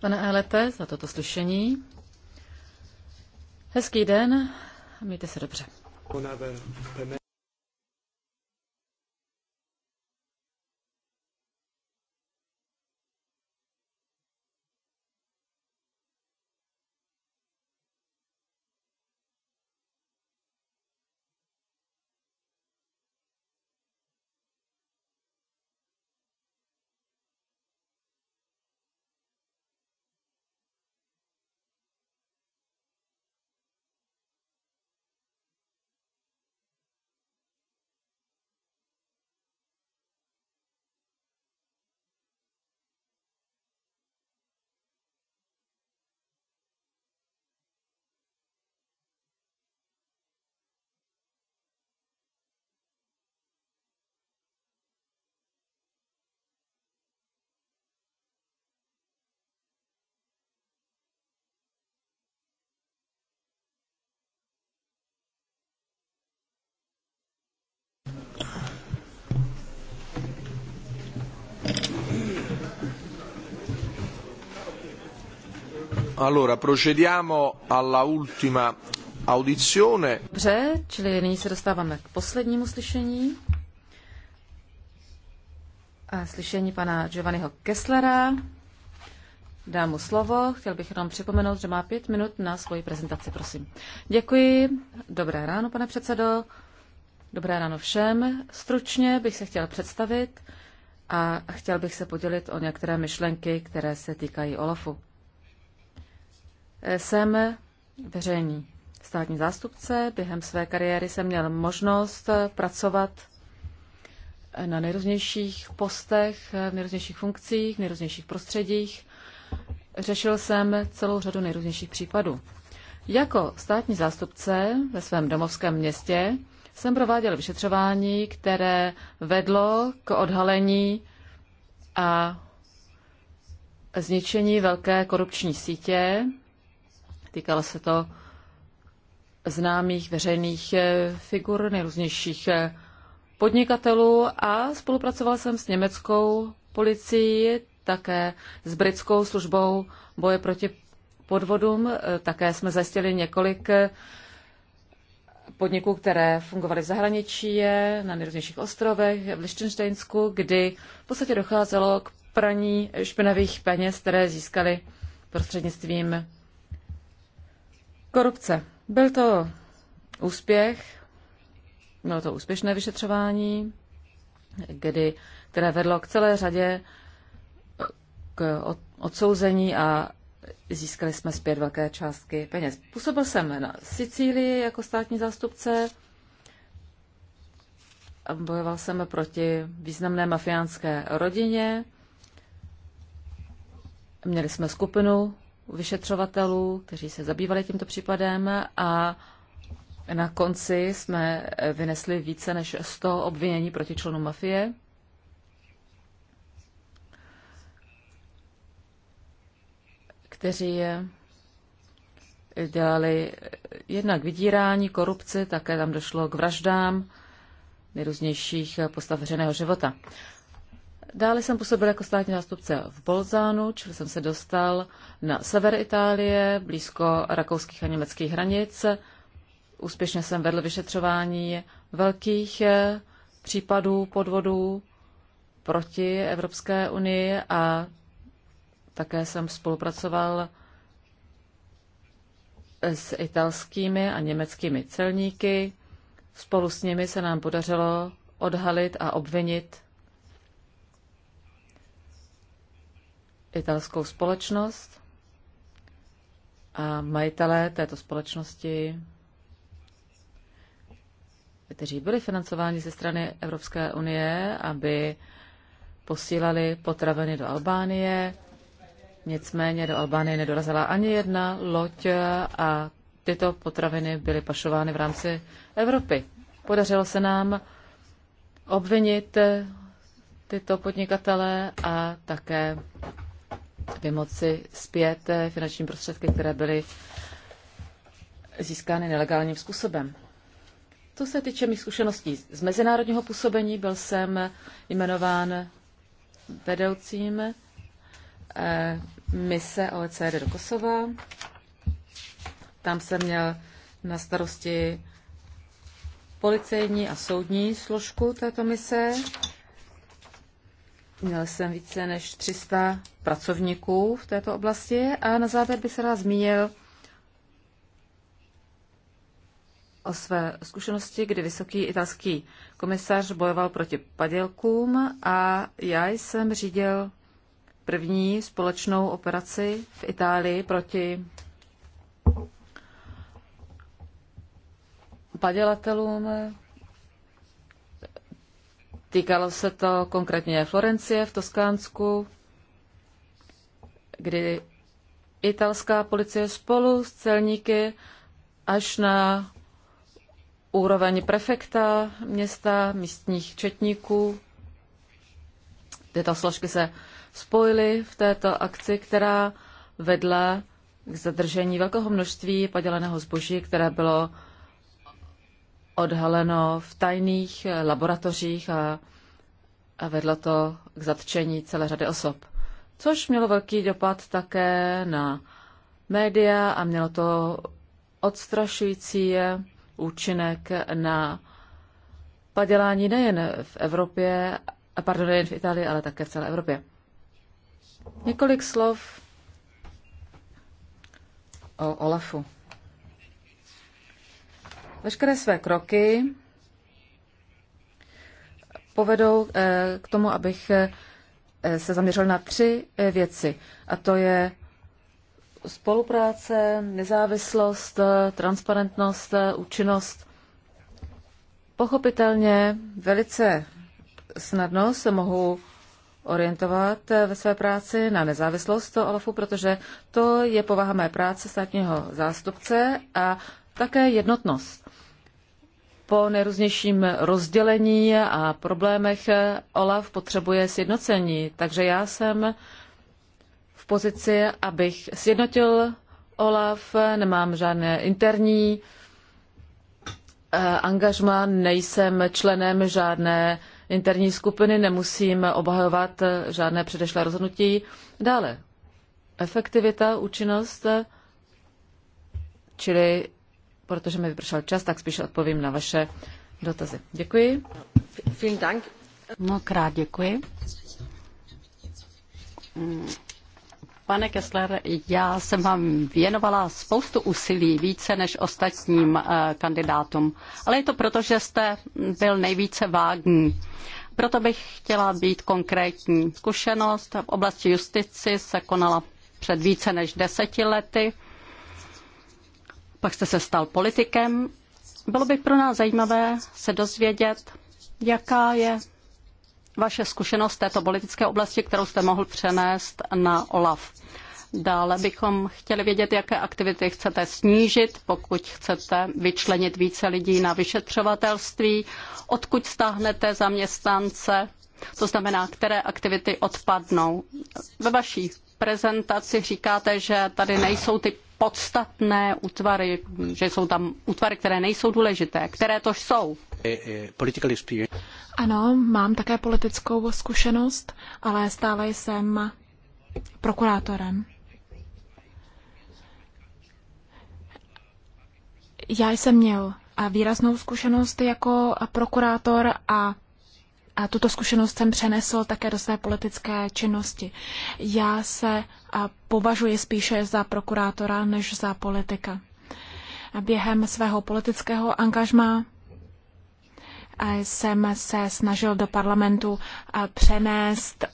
pane Elete, za toto slyšení. Hezký den, mějte se dobře. Allora, procediamo alla ultima audizione. Dobře, čili nyní se dostáváme k poslednímu slyšení. A slyšení pana Giovanniho Kesslera. Dám mu slovo. Chtěl bych jenom připomenout, že má pět minut na svoji prezentaci, prosím. Děkuji. Dobré ráno, pane předsedo. Dobré ráno všem. Stručně bych se chtěl představit a chtěl bych se podělit o některé myšlenky, které se týkají OLAFu. Jsem veřejný státní zástupce. Během své kariéry jsem měl možnost pracovat na nejrůznějších postech, v nejrůznějších funkcích, v nejrůznějších prostředích. Řešil jsem celou řadu nejrůznějších případů. Jako státní zástupce ve svém domovském městě jsem prováděl vyšetřování, které vedlo k odhalení a zničení velké korupční sítě Týkalo se to známých veřejných eh, figur, nejrůznějších eh, podnikatelů a spolupracoval jsem s německou policií, také s britskou službou boje proti podvodům. Eh, také jsme zajistili několik podniků, které fungovaly v zahraničí, na nejrůznějších ostrovech, v Lichtensteinsku, kdy v podstatě docházelo k praní špinavých peněz, které získali prostřednictvím Korupce. Byl to úspěch, bylo to úspěšné vyšetřování, kdy, které vedlo k celé řadě k odsouzení a získali jsme zpět velké částky peněz. Působil jsem na Sicílii jako státní zástupce, bojoval jsem proti významné mafiánské rodině, měli jsme skupinu vyšetřovatelů, kteří se zabývali tímto případem a na konci jsme eh, vynesli více než 100 obvinění proti členům mafie. kteří eh, dělali eh, jednak vydírání, korupci, také tam došlo k vraždám nejrůznějších postav veřejného života. Dále jsem působil jako státní nástupce v Bolzánu, čili jsem se dostal na sever Itálie, blízko rakouských a německých hranic. Úspěšně jsem vedl vyšetřování velkých eh, případů podvodů proti Evropské unii a také jsem spolupracoval s italskými a německými celníky. Spolu s nimi se nám podařilo odhalit a obvinit italskou společnost a majitelé této společnosti, kteří byli financováni ze strany Evropské unie, aby posílali potraviny do Albánie. Nicméně do Albánie nedorazila ani jedna loď a tyto potraviny byly pašovány v rámci Evropy. Podařilo se nám obvinit tyto podnikatele a také vymoci zpět eh, finanční prostředky, které byly získány nelegálním způsobem. To se týče mých zkušeností z mezinárodního působení, byl jsem jmenován vedoucím eh, mise OECD do Kosova. Tam jsem měl na starosti policejní a soudní složku této mise. Měl jsem více než 300 pracovníků v této oblasti a na závěr bych se rád zmínil o své zkušenosti, kdy vysoký italský komisař bojoval proti padělkům a já jsem řídil první společnou operaci v Itálii proti padělatelům Týkalo se to konkrétně Florencie v Toskánsku, kdy italská policie spolu s celníky až na úroveň prefekta města, místních četníků. Tyto složky se spojily v této akci, která vedla k zadržení velkého množství padělaného zboží, které bylo odhaleno v tajných laboratořích a, a vedlo to k zatčení celé řady osob. Což mělo velký dopad také na média a mělo to odstrašující účinek na padělání nejen v Evropě, a pardon, nejen v Itálii, ale také v celé Evropě. Několik slov o Olafu veškeré své kroky povedou eh, k tomu, abych eh, se zaměřil na tři eh, věci. A to je spolupráce, nezávislost, transparentnost, účinnost. Pochopitelně velice snadno se mohu orientovat ve své práci na nezávislost to OLAFu, protože to je povaha mé práce státního zástupce a také jednotnost. Po nejrůznějším rozdělení a problémech Olaf potřebuje sjednocení, takže já jsem v pozici, abych sjednotil Olaf, nemám žádné interní eh, angažma, nejsem členem žádné interní skupiny, nemusím obhajovat žádné předešlé rozhodnutí. Dále, efektivita, účinnost, čili protože mi vypršel čas, tak spíš odpovím na vaše dotazy. Děkuji. Vielen Dank. Mnohokrát děkuji. Pane Kessler, já jsem vám věnovala spoustu úsilí, více než ostatním eh, kandidátům, ale je to proto, že jste byl nejvíce vágní. Proto bych chtěla být konkrétní. Zkušenost v oblasti justici se konala před více než deseti lety pak jste se stal politikem. Bylo by pro nás zajímavé se dozvědět, jaká je vaše zkušenost této politické oblasti, kterou jste mohl přenést na OLAF. Dále bychom chtěli vědět, jaké aktivity chcete snížit, pokud chcete vyčlenit více lidí na vyšetřovatelství, odkud stáhnete zaměstnance, to znamená, které aktivity odpadnou. Ve vaší prezentaci říkáte, že tady nejsou ty podstatné útvary, že jsou tam útvary, které nejsou důležité. Které to jsou? Eh, eh, ano, mám také politickou zkušenost, ale stále jsem prokurátorem. Já jsem měl výraznou zkušenost jako prokurátor a a tuto zkušenost jsem přenesl také do své politické činnosti. Já se považuji spíše za prokurátora než za politika. Během svého politického angažmá jsem se snažil do parlamentu přenést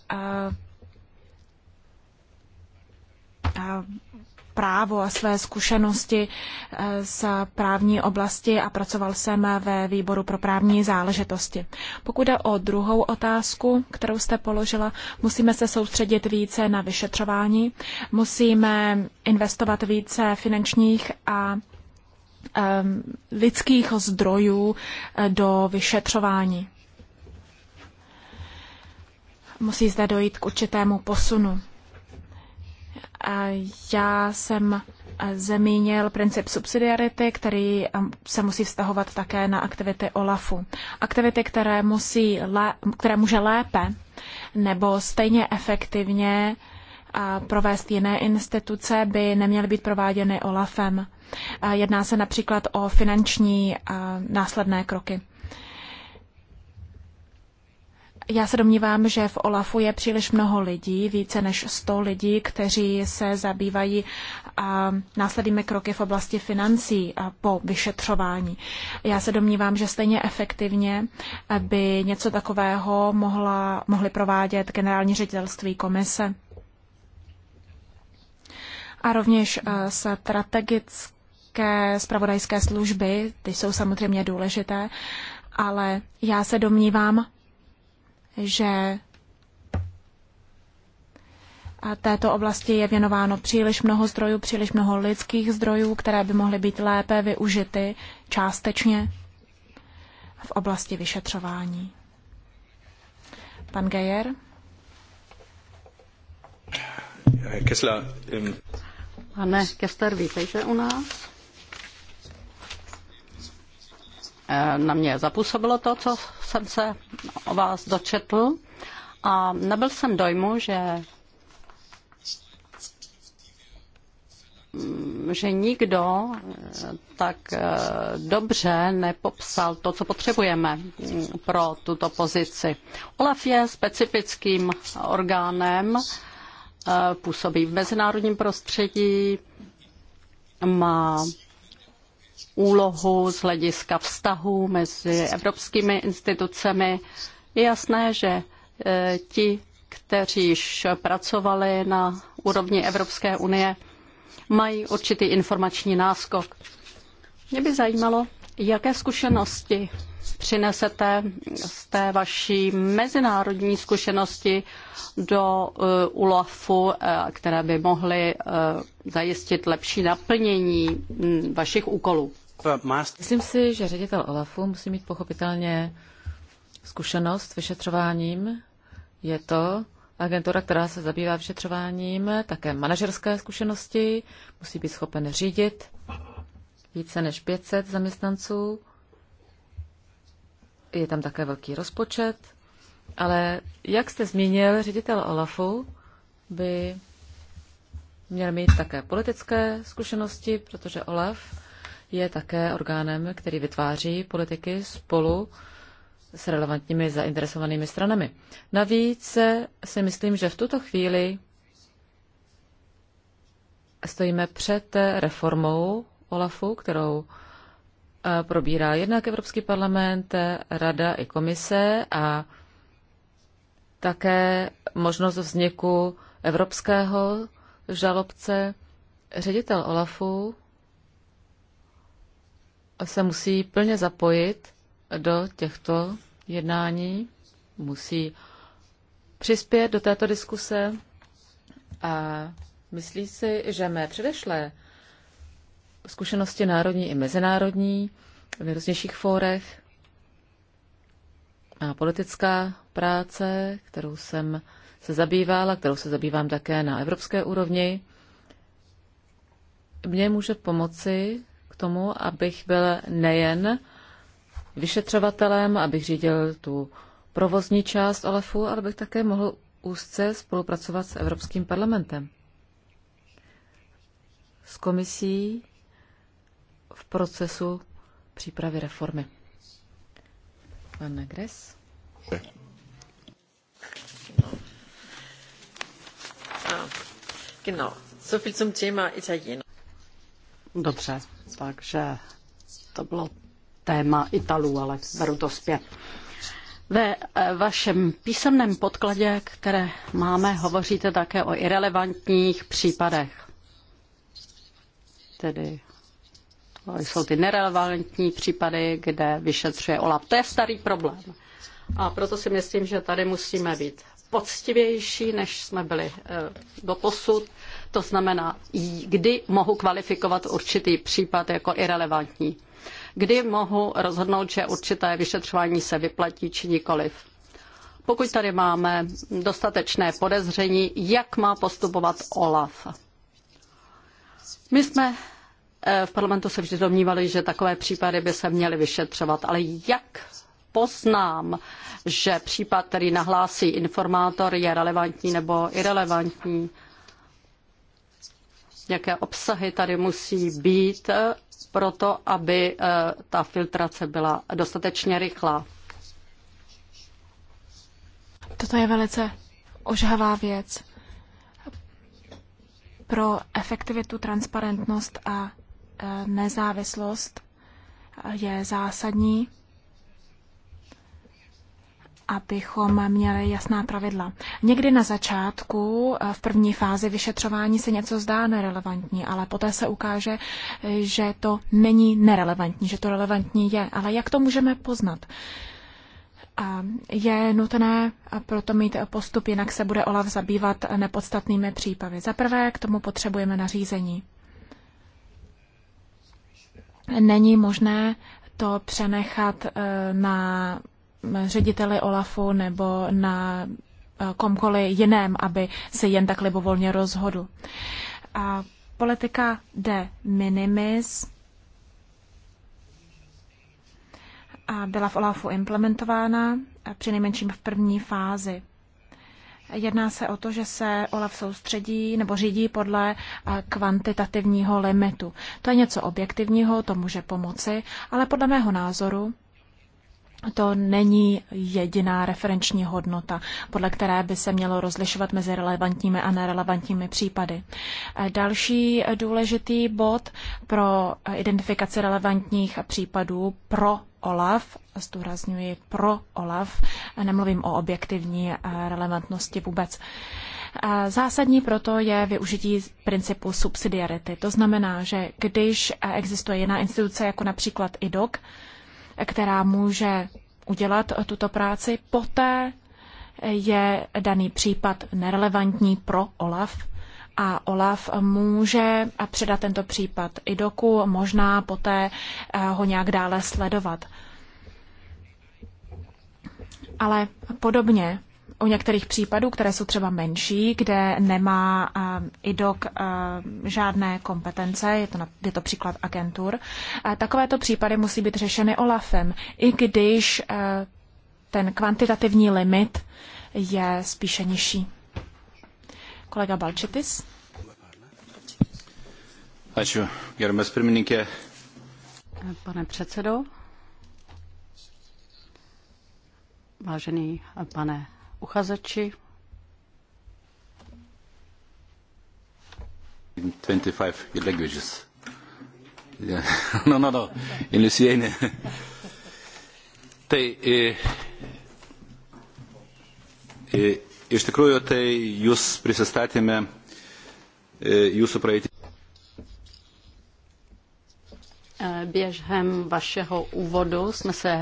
právo a své zkušenosti eh, z právní oblasti a pracoval jsem ve výboru pro právní záležitosti. Pokud jde o druhou otázku, kterou jste položila, musíme se soustředit více na vyšetřování, musíme investovat více finančních a lidských zdrojů eh, do vyšetřování. Musí zde dojít k určitému posunu. Já jsem eh, zmínil princip subsidiarity, který eh, se musí vztahovat také na aktivity OLAFu. Aktivity, které, musí, které může lépe nebo stejně efektivně eh, provést jiné instituce by neměly být prováděny OLAFem. Jedná se například o finanční následné kroky. Já se domnívám, že v OLAFu je příliš mnoho lidí, více než 100 lidí, kteří se zabývají následnými kroky v oblasti financí a po vyšetřování. Já se domnívám, že stejně efektivně by něco takového mohla, mohly provádět generální ředitelství komise. A rovněž strategické spravodajské služby, ty jsou samozřejmě důležité, ale já se domnívám, že a této oblasti je věnováno příliš mnoho zdrojů, příliš mnoho lidských zdrojů, které by mohly být lépe využity částečně v oblasti vyšetřování. Pan Geyer. Kessler. Pane Kester vítejte u nás. Eh, na mě zapůsobilo to, co jsem se o vás dočetl a nebyl jsem dojmu, že mm, že nikdo eh, tak eh, dobře nepopsal to, co potřebujeme mm, pro tuto pozici. OLAF je specifickým orgánem, působí v mezinárodním prostředí, má úlohu z hlediska vztahů mezi evropskými institucemi. Je jasné, že e, ti, kteří již pracovali na úrovni Evropské unie, mají určitý informační náskok. Mě by zajímalo, jaké zkušenosti přinesete z té vaší mezinárodní zkušenosti do eh, ULAFu, eh, které by mohly eh, zajistit lepší naplnění mm, vašich úkolů? Myslím si, že ředitel OLAFu musí mít pochopitelně zkušenost s vyšetřováním. Je to agentura, která se zabývá vyšetřováním, také manažerské zkušenosti, musí být schopen řídit více než 500 zaměstnanců je tam také velký rozpočet, ale jak jste zmínil, ředitel Olafu by měl mít také politické zkušenosti, protože Olaf je také orgánem, který vytváří politiky spolu s relevantními zainteresovanými stranami. Navíc si myslím, že v tuto chvíli stojíme před reformou OLAFu, kterou probírá jednak Evropský parlament, Rada i komise a také možnost vzniku evropského žalobce. Ředitel Olafu se musí plně zapojit do těchto jednání, musí přispět do této diskuse a myslí si, že mé předešlé zkušenosti národní i mezinárodní v nejrůznějších fórech. A politická práce, kterou jsem se zabývala, kterou se zabývám také na evropské úrovni, mě může pomoci k tomu, abych byl nejen vyšetřovatelem, abych řídil tu provozní část OLEFu, ale bych také mohl úzce spolupracovat s Evropským parlamentem, s komisí v procesu přípravy reformy. Pan Negres. Ah, genau. Dobře, takže to bylo téma Italů, ale beru to zpět. Ve eh, vašem písemném podkladě, které máme, hovoříte také o irrelevantních případech, tedy jsou ty nerelevantní případy, kde vyšetřuje OLAP. To je starý problém. A proto si myslím, že tady musíme být poctivější, než jsme byli eh, do posud. To znamená, kdy mohu kvalifikovat určitý případ jako irrelevantní. Kdy mohu rozhodnout, že určité vyšetřování se vyplatí či nikoliv. Pokud tady máme dostatečné podezření, jak má postupovat OLAF. My jsme Eh, v parlamentu se vždy domnívali, že takové případy by se měly vyšetřovat, ale jak poznám, že případ, který nahlásí informátor, je relevantní nebo irrelevantní? Jaké obsahy tady musí být eh, pro to, aby eh, ta filtrace byla dostatečně rychlá? Toto je velice ožhavá věc pro efektivitu, transparentnost a Eh, nezávislost je zásadní, abychom měli jasná pravidla. Někdy na začátku, eh, v první fázi vyšetřování se něco zdá nerelevantní, ale poté se ukáže, že to není nerelevantní, že to relevantní je. Ale jak to můžeme poznat? je nutné proto mít postup, jinak se bude OLAF zabývat nepodstatnými případy. Za prvé, k tomu potřebujeme nařízení není možné to přenechat eh, na řediteli OLAFu nebo na eh, komkoliv jiném, aby se jen tak libovolně rozhodl. A politika de minimis a byla v OLAFu implementována, eh, přinejmenším v první fázi. Jedná se o to, že se OLAF soustředí nebo řídí podle eh, kvantitativního limitu. To je něco objektivního, to může pomoci, ale podle mého názoru to není jediná referenční hodnota, podle které by se mělo rozlišovat mezi relevantními a nerelevantními případy. Eh, další důležitý bod pro eh, identifikaci relevantních případů pro OLAF, zdůrazňuji pro OLAF, nemluvím o objektivní eh, relevantnosti vůbec. Eh, zásadní proto je využití principu subsidiarity. To znamená, že když eh, existuje jiná instituce, jako například IDOC, která může udělat tuto práci, poté je daný případ nerelevantní pro OLAF a Olaf může předat tento případ IDOKu, možná poté eh, ho nějak dále sledovat. Ale podobně u některých případů, které jsou třeba menší, kde nemá uh, eh, IDOC uh, eh, žádné kompetence, je to, na, je to příklad agentur, uh, takovéto případy musí být řešeny OLAFem, i když uh, ten kvantitativní limit je spíše nižší. Kolega Balčitis. Ačiū, gerbiamas pirmininkė. Pane předsedo, vážený pane uchazeči, 25 languages. Yeah. no, no, no, in Lithuania. tai Iš tikrųjų, tai jūs prisistatėme e, jūsų praeitį. E, běžem vašeho úvodu jsme se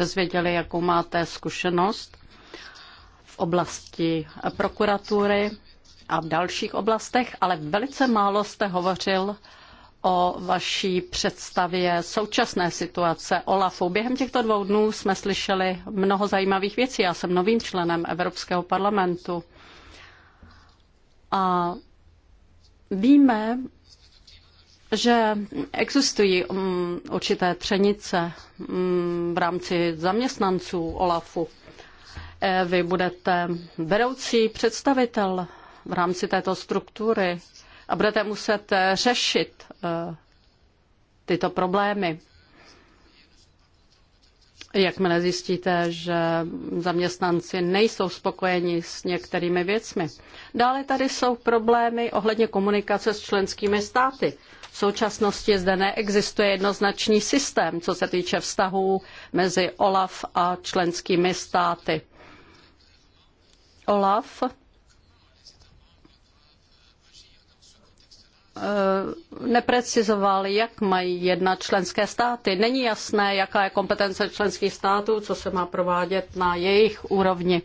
dozvěděli, jakou máte zkušenost v oblasti prokuratury a v dalších oblastech, ale velice málo jste hovořil o vaší představě současné situace OLAFu. Během těchto dvou dnů jsme slyšeli mnoho zajímavých věcí. Já jsem novým členem Evropského parlamentu. A víme, že existují mm, určité třenice mm, v rámci zaměstnanců OLAFu. E, vy budete vedoucí představitel v rámci této struktury a budete muset e, řešit Eh, tyto problémy. Jakmile zjistíte, že zaměstnanci nejsou spokojeni s některými věcmi. Dále tady jsou problémy ohledně komunikace s členskými státy. V současnosti zde neexistuje jednoznačný systém, co se týče vztahů mezi OLAF a členskými státy. OLAF Eh, neprecizoval, jak mají jednat členské státy. Není jasné, jaká je kompetence členských států, co se má provádět na jejich úrovni.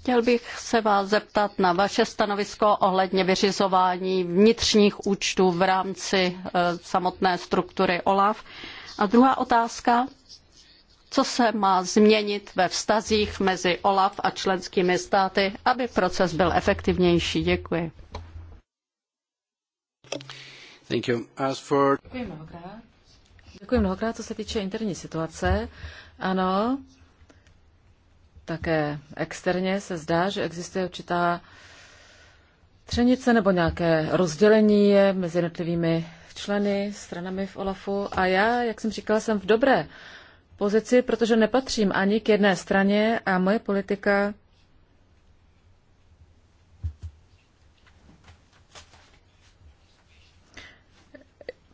Chtěl bych se vás zeptat na vaše stanovisko ohledně vyřizování vnitřních účtů v rámci eh, samotné struktury OLAF. A druhá otázka, co se má změnit ve vztazích mezi OLAF a členskými státy, aby proces byl efektivnější. Děkuji. As for... Děkuji mnohokrát. Děkuji mnohokrát, co se týče interní situace. Ano, také externě se zdá, že existuje určitá třenice nebo nějaké rozdělení mezi jednotlivými členy, stranami v OLAFu. A já, jak jsem říkala, jsem v dobré pozici, protože nepatřím ani k jedné straně a moje politika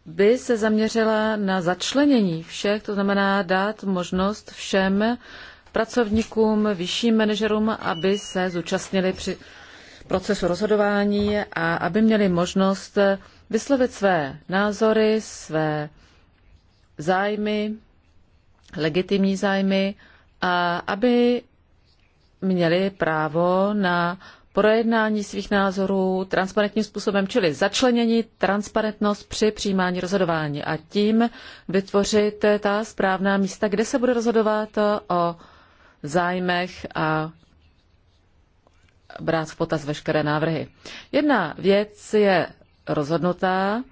by se zaměřila na začlenění všech, to znamená dát možnost všem pracovníkům, vyšším manažerům, aby se zúčastnili při procesu rozhodování a aby měli možnost vyslovit své názory, své zájmy, legitimní zájmy a aby měli právo na projednání svých názorů transparentním způsobem, čili začlenění transparentnost při přijímání rozhodování a tím vytvořit ta správná místa, kde se bude rozhodovat o zájmech a brát v potaz veškeré návrhy. Jedna věc je rozhodnutá,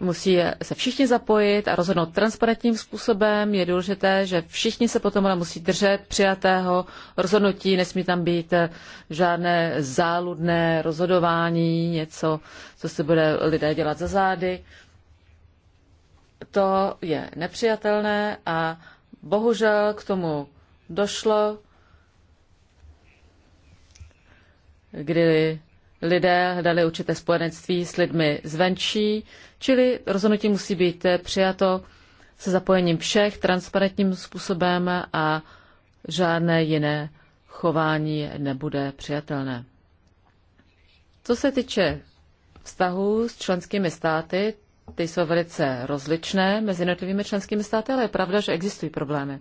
musí se všichni zapojit a rozhodnout transparentním způsobem. Je důležité, že všichni se potom ale musí držet přijatého rozhodnutí, nesmí tam být eh, žádné záludné rozhodování, něco, co se bude lidé dělat za zády. To je nepřijatelné a bohužel k tomu došlo, kdy lidé hledali určité spojenectví s lidmi zvenčí, čili rozhodnutí musí být přijato se zapojením všech transparentním způsobem a žádné jiné chování nebude přijatelné. Co se týče vztahů s členskými státy, ty jsou velice rozličné mezi jednotlivými členskými státy, ale je pravda, že existují problémy.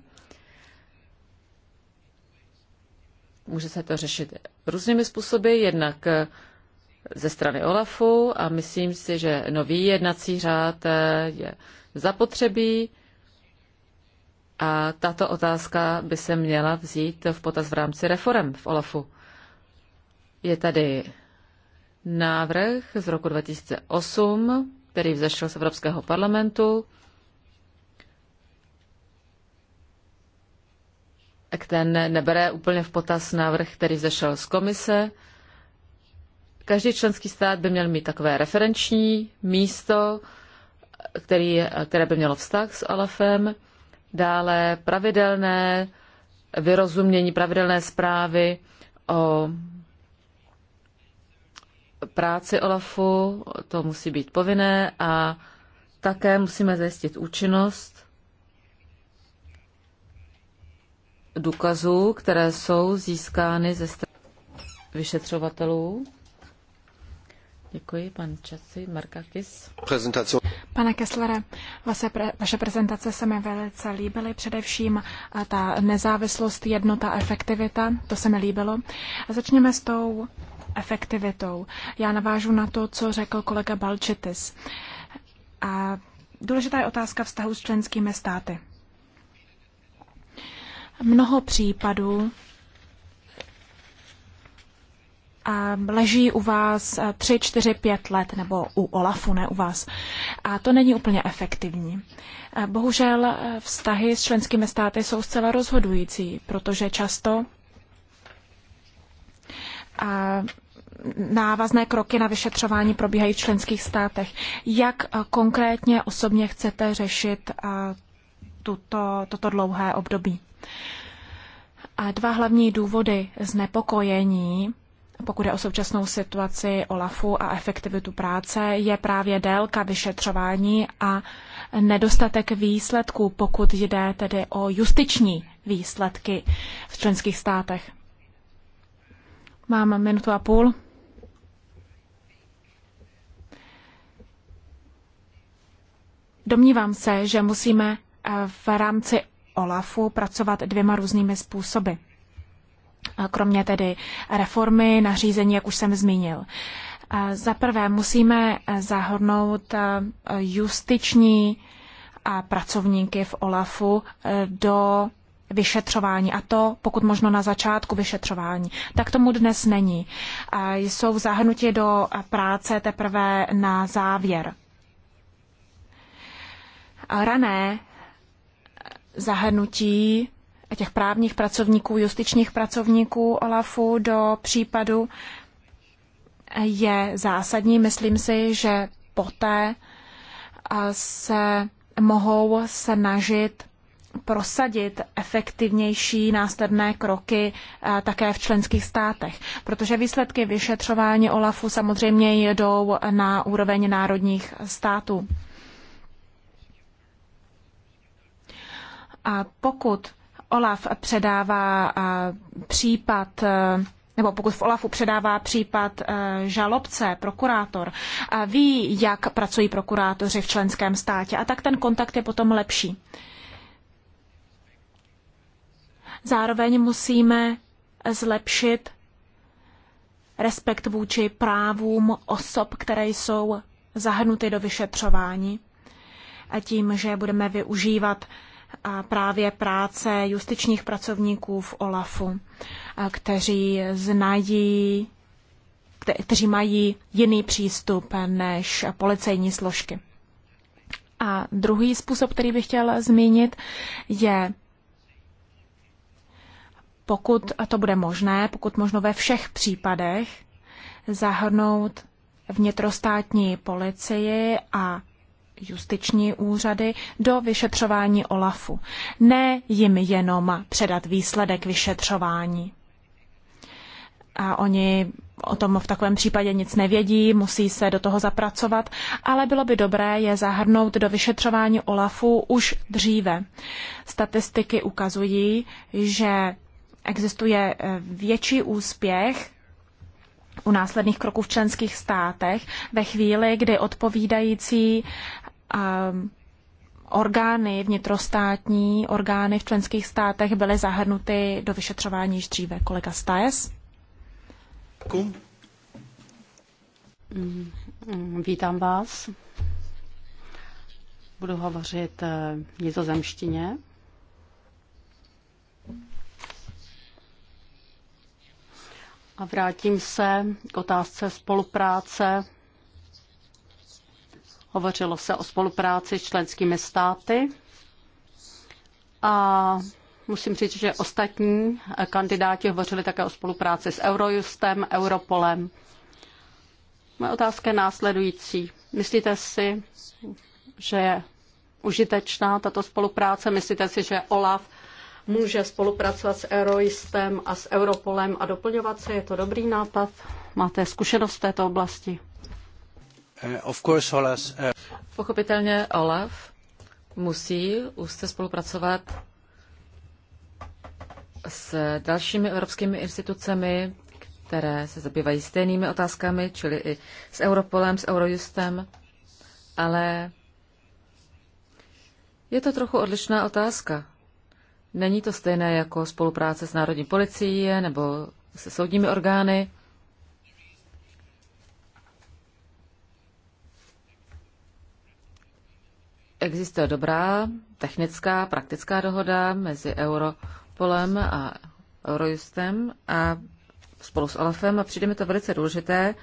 Může se to řešit různými způsoby, jednak eh, ze strany OLAFu a myslím si, že nový jednací řád eh, je zapotřebí a tato otázka by se měla vzít v potaz v rámci reform v OLAFu. Je tady návrh z roku 2008, který vzešel z Evropského parlamentu ten nebere úplně v potaz návrh, který zešel z komise. Každý členský stát by měl mít takové referenční místo, který, které by mělo vztah s OLAFem, dále pravidelné vyrozumění, pravidelné zprávy o práci OLAFu, to musí být povinné a také musíme zajistit účinnost důkazů, které jsou získány ze strany vyšetřovatelů. Děkuji, pan Časy, Markakis. Prezentace. Pane Kesslere, vaše, pre, vaše prezentace se mi velice líbily, především eh, ta nezávislost, jednota, efektivita, to se mi líbilo. A začněme s tou efektivitou. Já navážu na to, co řekl kolega Balčitis. A důležitá je otázka vztahu s členskými státy. Mnoho případů leží u vás 3, 4, 5 let, nebo u OLAFu, ne u vás. A to není úplně efektivní. Bohužel vztahy s členskými státy jsou zcela rozhodující, protože často návazné kroky na vyšetřování probíhají v členských státech. Jak konkrétně osobně chcete řešit tuto, toto dlouhé období. A dva hlavní důvody znepokojení, pokud je o současnou situaci OLAFu a efektivitu práce, je právě délka vyšetřování a nedostatek výsledků, pokud jde tedy o justiční výsledky v členských státech. Mám minutu a půl. Domnívám se, že musíme v rámci OLAFu pracovat dvěma různými způsoby. Kromě tedy reformy, nařízení, jak už jsem zmínil. Za prvé musíme zahrnout e, justiční pracovníky v OLAFu e, do vyšetřování a to pokud možno na začátku vyšetřování. Tak tomu dnes není. Jsou zahrnuti do práce teprve na závěr. Rané zahrnutí těch právních pracovníků, justičních pracovníků OLAFu do případu je zásadní. Myslím si, že poté eh, se mohou snažit prosadit efektivnější následné kroky eh, také v členských státech, protože výsledky vyšetřování OLAFu samozřejmě jdou na úroveň národních států. A pokud Olaf předává případ e, nebo pokud v OLAFu předává případ e, žalobce, prokurátor, ví, jak pracují prokurátoři v členském státě a tak ten kontakt je potom lepší. Zároveň musíme zlepšit respekt vůči právům osob, které jsou zahrnuty do vyšetřování. A tím, že budeme využívat právě práce justičních pracovníků v OLAFu, kteří znají, kteří mají jiný přístup než policejní složky. A druhý způsob, který bych chtěl zmínit, je pokud to bude možné, pokud možno ve všech případech, zahrnout vnitrostátní policii a justiční úřady do vyšetřování OLAFu. Ne jim jenom předat výsledek vyšetřování. A oni o tom v takovém případě nic nevědí, musí se do toho zapracovat, ale bylo by dobré je zahrnout do vyšetřování OLAFu už dříve. Statistiky ukazují, že existuje eh, větší úspěch u následných kroků v členských státech ve chvíli, kdy odpovídající um, orgány, vnitrostátní orgány v členských státech byly zahrnuty do vyšetřování již dříve. Kolega Stajes? Mm, vítám vás. Budu hovořit eh, nizozemštině. A vrátím se k otázce spolupráce. Hovořilo se o spolupráci s členskými státy a musím říct, že ostatní kandidáti hovořili také o spolupráci s Eurojustem, Europolem. Moje otázka je následující. Myslíte si, že je užitečná tato spolupráce? Myslíte si, že OLAF může spolupracovat s Eurojistem a s Europolem a doplňovat se. Je to dobrý nápad? Máte zkušenost v této oblasti? Uh, of course, Olaf, uh... Eh, Pochopitelně Olaf musí úzce spolupracovat s dalšími evropskými institucemi, které se zabývají stejnými otázkami, čili i s Europolem, s Eurojustem, ale je to trochu odlišná otázka. Není to stejné jako spolupráce s Národní policií nebo se soudními orgány. Existuje dobrá technická, praktická dohoda mezi Europolem a Eurojustem a spolu s Olafem a přijde mi to velice důležité.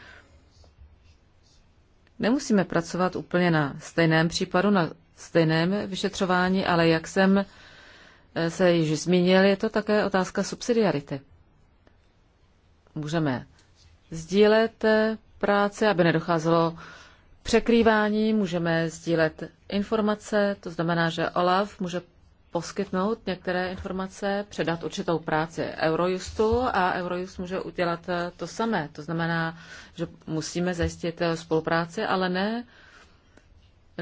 Nemusíme pracovat úplně na stejném případu, na stejném vyšetřování, ale jak jsem se již zmínil, je to také otázka subsidiarity. Můžeme sdílet eh, práce, aby nedocházelo překrývání, můžeme sdílet informace, to znamená, že OLAF může poskytnout některé informace, předat určitou práci Eurojustu a Eurojust může udělat eh, to samé. To znamená, že musíme zajistit eh, spolupráci, ale ne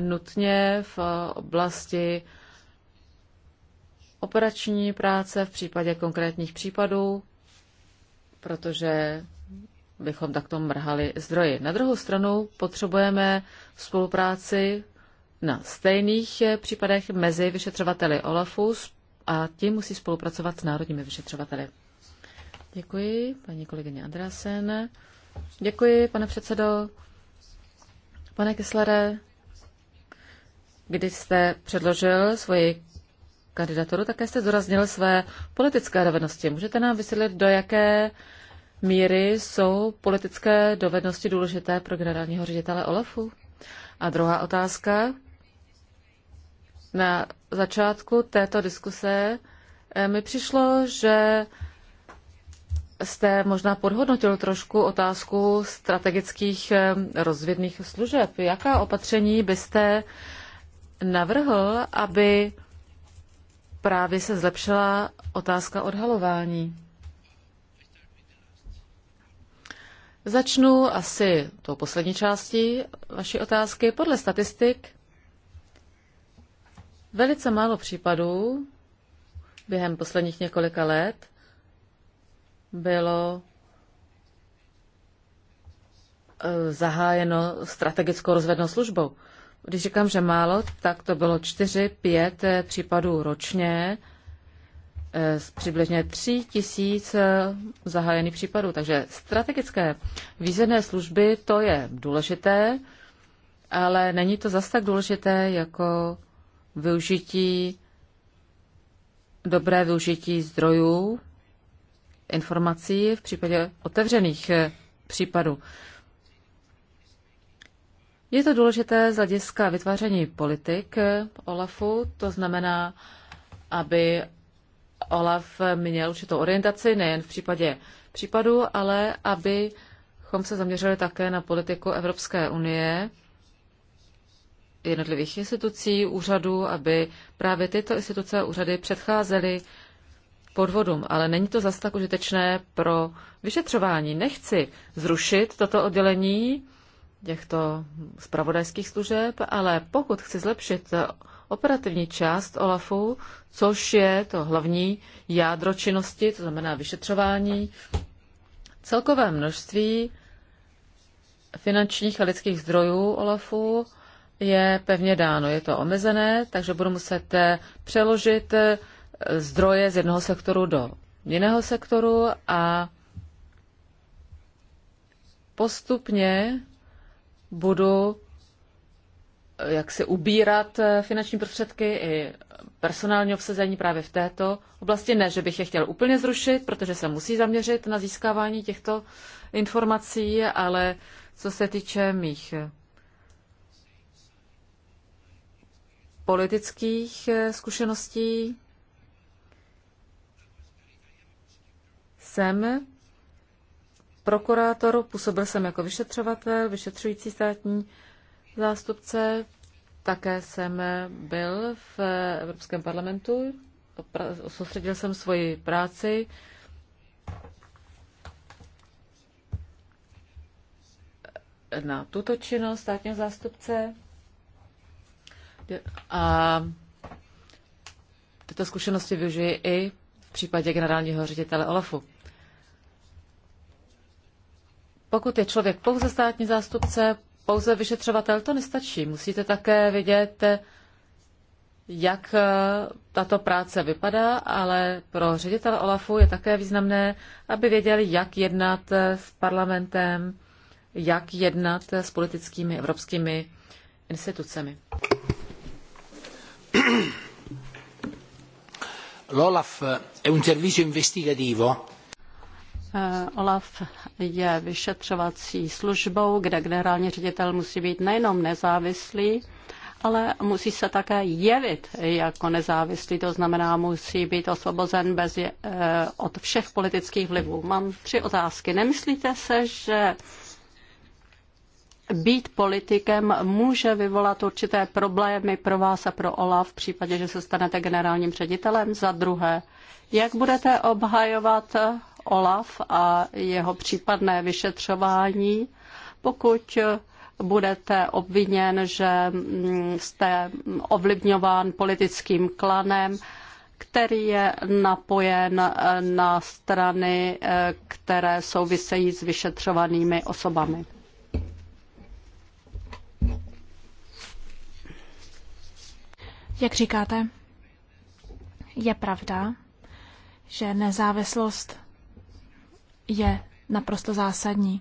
nutně v oblasti operační práce v případě konkrétních případů, protože bychom takto mrhali zdroji. Na druhou stranu potřebujeme spolupráci na stejných případech mezi vyšetřovateli OLAFu a ti musí spolupracovat s národními vyšetřovateli. Děkuji, paní kolegyně Andrásen. Děkuji, pane předsedo. Pane Kesslere, když jste předložil svoji kandidaturu, také jste zdůraznil své politické dovednosti. Můžete nám vysvětlit, do jaké míry jsou politické dovednosti důležité pro generálního ředitele Olafu? A druhá otázka. Na začátku této diskuse eh, mi přišlo, že jste možná podhodnotil trošku otázku strategických eh, rozvědných služeb. Jaká opatření byste navrhl, aby právě se zlepšila otázka odhalování. Začnu asi tou poslední částí vaší otázky. Podle statistik velice málo případů během posledních několika let bylo eh, zahájeno strategickou rozvednou službou. Když říkám, že málo, tak to bylo 4-5 eh, případů ročně z eh, přibližně 3 tisíc eh, zahájených případů. Takže strategické výzvedné služby, to je důležité, ale není to zas tak důležité jako využití, dobré využití zdrojů, informací v případě otevřených případů. Je to důležité z hlediska vytváření politik eh, OLAFu, to znamená, aby OLAF měl určitou orientaci nejen v případě případu, ale abychom se zaměřili také na politiku Evropské unie, jednotlivých institucí, úřadů, aby právě tyto instituce a úřady předcházely podvodům, ale není to zase tak užitečné pro vyšetřování. Nechci zrušit toto oddělení, těchto spravodajských služeb, ale pokud chci zlepšit operativní část OLAFu, což je to hlavní jádro činnosti, to znamená vyšetřování, celkové množství finančních a lidských zdrojů OLAFu je pevně dáno. Je to omezené, takže budu muset přeložit zdroje z jednoho sektoru do jiného sektoru a postupně budu eh, jak se ubírat eh, finanční prostředky i personální obsazení právě v této oblasti. Ne, že bych je chtěl úplně zrušit, protože se musí zaměřit na získávání těchto informací, ale co se týče mých eh, politických zkušeností, jsem prokurátor, působil jsem jako vyšetřovatel, vyšetřující státní zástupce, také jsem byl v Evropském parlamentu, soustředil jsem svoji práci. na tuto činnost státního zástupce a tyto zkušenosti využiji i v případě generálního ředitele Olafu. Pokud je člověk pouze státní zástupce, pouze vyšetřovatel, to nestačí. Musíte také vidět, jak eh, tato práce vypadá, ale pro ředitele OLAFu je také významné, aby věděli, jak jednat eh, s parlamentem, jak jednat eh, s politickými evropskými institucemi. L'OLAF è un servizio investigativo Eh, OLAF je vyšetřovací službou, kde generální ředitel musí být nejenom nezávislý, ale musí se také jevit jako nezávislý, to znamená, musí být osvobozen bez, je, eh, od všech politických vlivů. Mám tři otázky. Nemyslíte se, že být politikem může vyvolat určité problémy pro vás a pro OLAF v případě, že se stanete generálním ředitelem? Za druhé, jak budete obhajovat OLAF a jeho případné vyšetřování, pokud budete obviněn, že mm, jste ovlivňován politickým klanem, který je napojen eh, na strany, eh, které souvisejí s vyšetřovanými osobami. Jak říkáte, je pravda, že nezávislost je naprosto zásadní.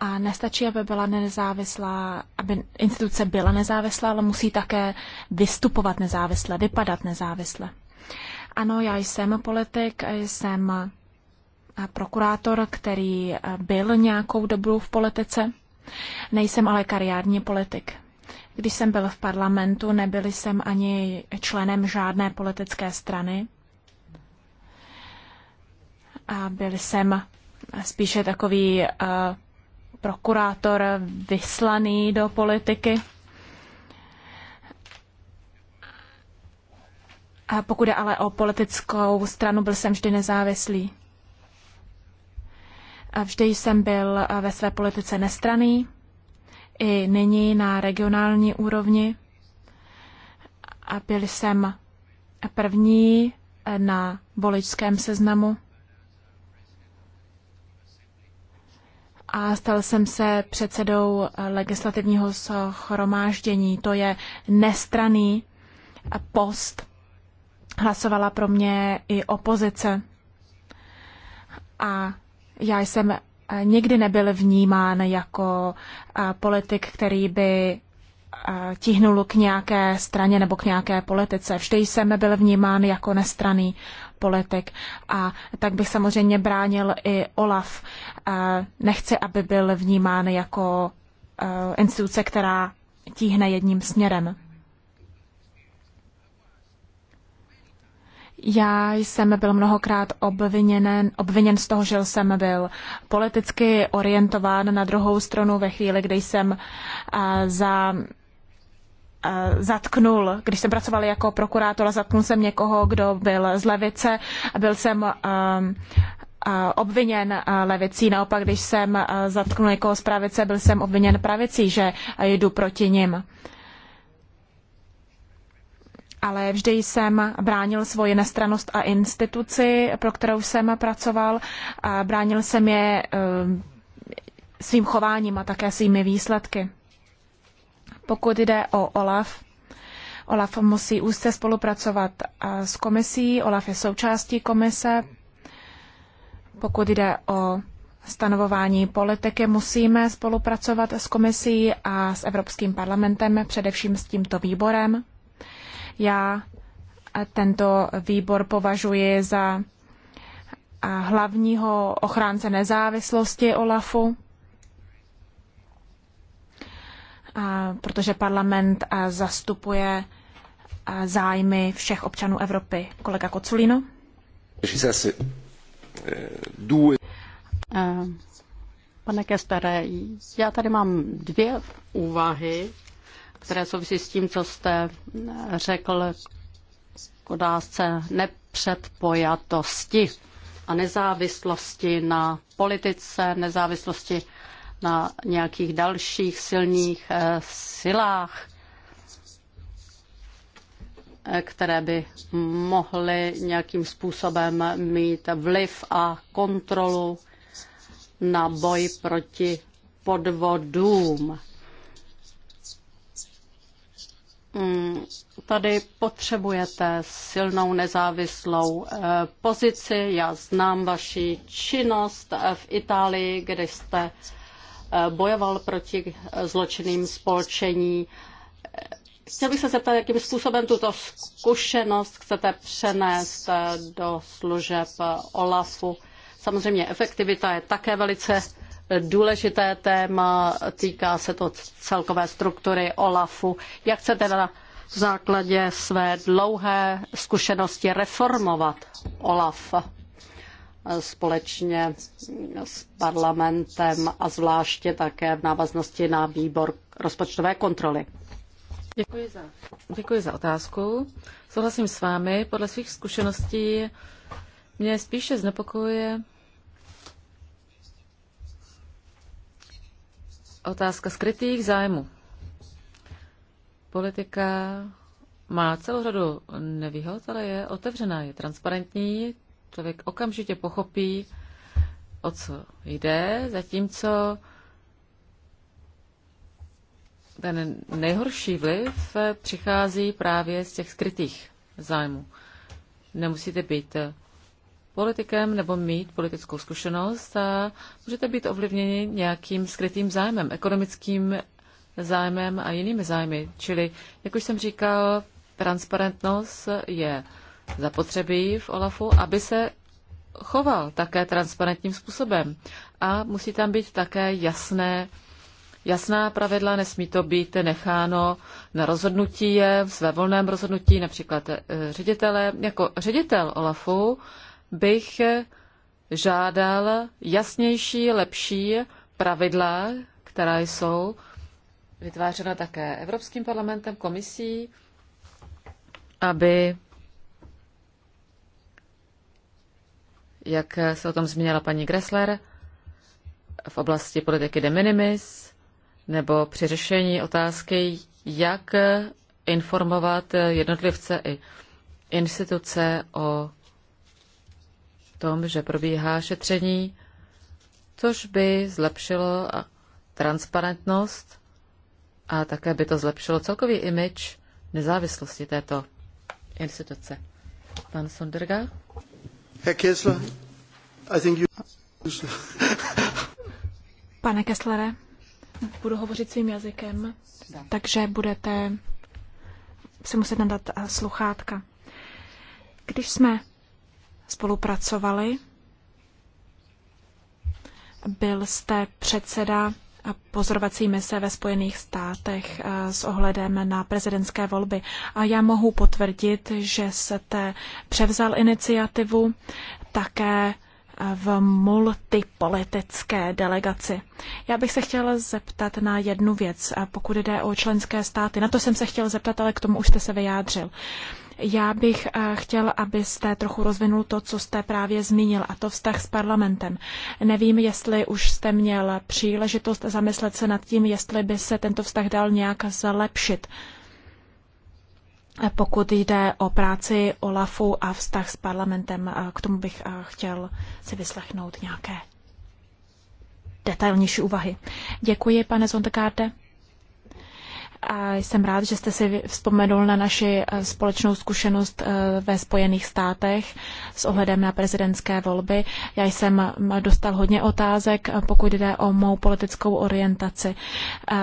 A nestačí, aby byla nezávislá, aby instituce byla nezávislá, ale musí také vystupovat nezávisle, vypadat nezávisle. Ano, já jsem politik, jsem prokurátor, který byl nějakou dobu v politice. Nejsem ale kariérní politik. Když jsem byl v parlamentu, nebyl jsem ani členem žádné politické strany. A byl jsem spíše takový eh, prokurátor vyslaný do politiky. A pokud je ale o politickou stranu, byl jsem vždy nezávislý. A vždy jsem byl eh, ve své politice nestraný, i nyní na regionální úrovni. A byl jsem první eh, na voličském seznamu. a stal jsem se předsedou legislativního schromáždění. To je nestraný post. Hlasovala pro mě i opozice. A já jsem nikdy nebyl vnímán jako politik, který by tihnul k nějaké straně nebo k nějaké politice. Vždy jsem byl vnímán jako nestraný politik a tak bych samozřejmě bránil i OLAF. Eh, nechci, aby byl vnímán jako eh, instituce, která tíhne jedním směrem. Já jsem byl mnohokrát obviněn, obviněn z toho, že jsem byl politicky orientován na druhou stranu ve chvíli, kdy jsem eh, za Eh, zatknul, když jsem pracovala jako prokurátor, zatknul jsem někoho, kdo byl z levice a byl jsem eh, eh, obviněn levicí. Naopak, když jsem zatknul někoho z pravice, byl jsem obviněn pravicí, že jdu proti nim. Ale vždy jsem bránil svoji nestranost a instituci, pro kterou jsem pracoval. A bránil jsem je svým chováním a také svými výsledky. Pokud jde o OLAF, OLAF musí úzce spolupracovat s komisí, OLAF je součástí komise. Pokud jde o stanovování politiky, musíme spolupracovat s komisí a s Evropským parlamentem, především s tímto výborem. Já tento výbor považuji za hlavního ochránce nezávislosti OLAFu. protože parlament zastupuje zájmy všech občanů Evropy. Kolega Koculino? Eh, eh, pane Kestere, já tady mám dvě úvahy, které souvisí s tím, co jste eh, řekl k otázce nepředpojatosti a nezávislosti na politice, nezávislosti na nějakých dalších silných eh, silách, eh, které by mohly nějakým způsobem mít vliv a kontrolu na boj proti podvodům. Mm, tady potřebujete silnou nezávislou eh, pozici. Já znám vaši činnost v Itálii, kde jste bojoval proti zločinným spolčení. Chtěl bych se zeptat, jakým způsobem tuto zkušenost chcete přenést eh, do služeb eh, OLAFu. Samozřejmě efektivita je také velice eh, důležité téma, týká se to celkové struktury OLAFu. Jak chcete na základě své dlouhé zkušenosti reformovat OLAF? společně s parlamentem a zvláště také v návaznosti na výbor rozpočtové kontroly. Děkuji za, děkuji za otázku. Souhlasím s vámi. Podle svých zkušeností mě spíše znepokojuje otázka skrytých zájmů. Politika má celou řadu nevýhod, ale je otevřená, je transparentní, člověk okamžitě pochopí, o co jde, zatímco ten nejhorší vliv přichází právě z těch skrytých zájmů. Nemusíte být politikem nebo mít politickou zkušenost a můžete být ovlivněni nějakým skrytým zájmem, ekonomickým zájmem a jinými zájmy. Čili, jak už jsem říkal, transparentnost je zapotřebí v OLAFu, aby se choval také transparentním způsobem. A musí tam být také jasné, jasná pravidla, nesmí to být necháno na rozhodnutí, je v své volném rozhodnutí, například eh, ředitele. Jako ředitel OLAFu bych žádal jasnější, lepší pravidla, která jsou vytvářena také Evropským parlamentem, komisí, aby jak se o tom zmínila paní Gressler, v oblasti politiky de minimis nebo při řešení otázky, jak informovat jednotlivce i instituce o tom, že probíhá šetření, což by zlepšilo transparentnost a také by to zlepšilo celkový image nezávislosti této instituce. Pan Sonderga? Kessler, Pane Kesslere, budu hovořit svým jazykem, takže budete se muset nadat eh, sluchátka. Když jsme spolupracovali, byl jste předseda pozorovací mise ve Spojených státech eh, s ohledem na prezidentské volby. A já mohu potvrdit, že se te převzal iniciativu také eh, v multipolitické delegaci. Já bych se chtěla zeptat na jednu věc, pokud jde o členské státy. Na to jsem se chtěl zeptat, ale k tomu už jste se vyjádřil. Já bych eh, chtěl, abyste trochu rozvinul to, co jste právě zmínil, a to vztah s parlamentem. Nevím, jestli už jste měl příležitost zamyslet se nad tím, jestli by se tento vztah dal nějak zlepšit. Eh, pokud jde o práci OLAFu a vztah s parlamentem, eh, k tomu bych chtěl si vyslechnout nějaké detailnější úvahy. Děkuji, pane Zondekárte. A Jsem rád, že jste si vzpomenul na naši eh, společnou zkušenost eh, ve Spojených státech s ohledem na prezidentské volby. Já jsem dostal hodně otázek, eh, pokud jde o mou politickou orientaci.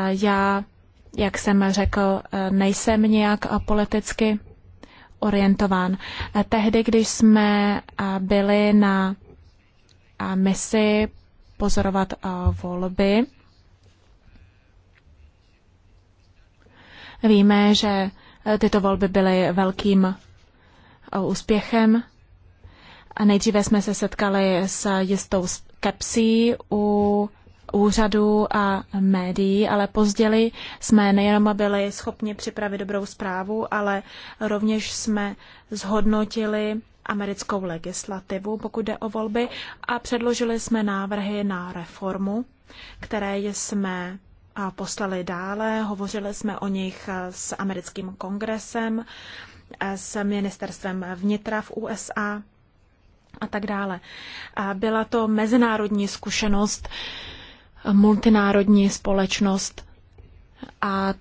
Já, jak jsem řekl, nejsem nějak politicky orientován. Tehdy, když jsme byli na misi pozorovat volby, Víme, že eh, tyto volby byly velkým eh, úspěchem. A nejdříve jsme se setkali s jistou skepsí u úřadů a médií, ale později jsme nejenom byli schopni připravit dobrou zprávu, ale rovněž jsme zhodnotili americkou legislativu, pokud jde o volby, a předložili jsme návrhy na reformu, které jsme a poslali dále. Hovořili jsme o nich s americkým kongresem, s ministerstvem vnitra v USA a tak dále. Byla to mezinárodní zkušenost, multinárodní společnost a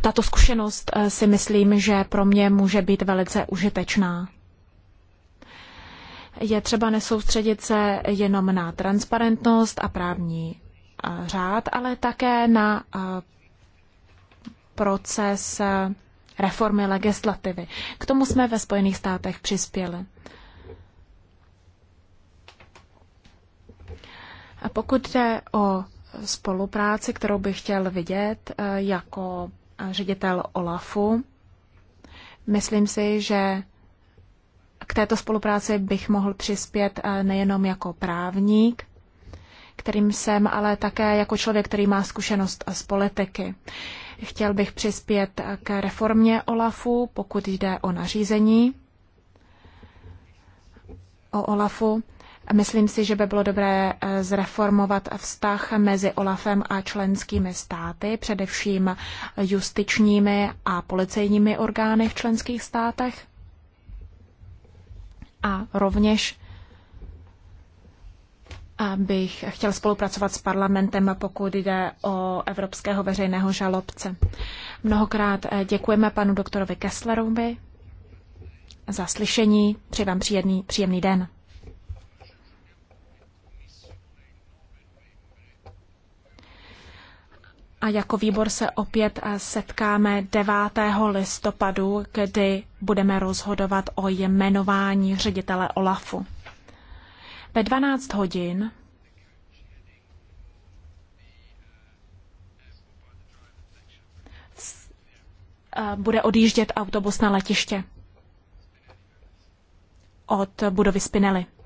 tato zkušenost eh, si myslím, že pro mě může být velice užitečná. Je třeba nesoustředit se jenom na transparentnost a právní řád, ale také na eh, proces eh, reformy legislativy. K tomu jsme ve Spojených státech přispěli. A pokud jde o spolupráci, kterou bych chtěl vidět eh, jako ředitel OLAFu, myslím si, že k této spolupráci bych mohl přispět nejenom jako právník, kterým jsem ale také jako člověk, který má zkušenost z politiky. Chtěl bych přispět k reformě OLAFu, pokud jde o nařízení o OLAFu. Myslím si, že by bylo dobré eh, zreformovat vztah mezi OLAFem a členskými státy, především justičními a policejními orgány v členských státech. A rovněž bych chtěl spolupracovat s parlamentem, pokud jde o evropského veřejného žalobce. Mnohokrát eh, děkujeme panu doktorovi Kesslerovi za slyšení. Přeji vám příjemný, příjemný den. A jako výbor se opět eh, setkáme 9. listopadu, kdy budeme rozhodovat o jmenování ředitele OLAFu. Ve 12 hodin eh, bude odjíždět autobus na letiště od budovy Spinelli.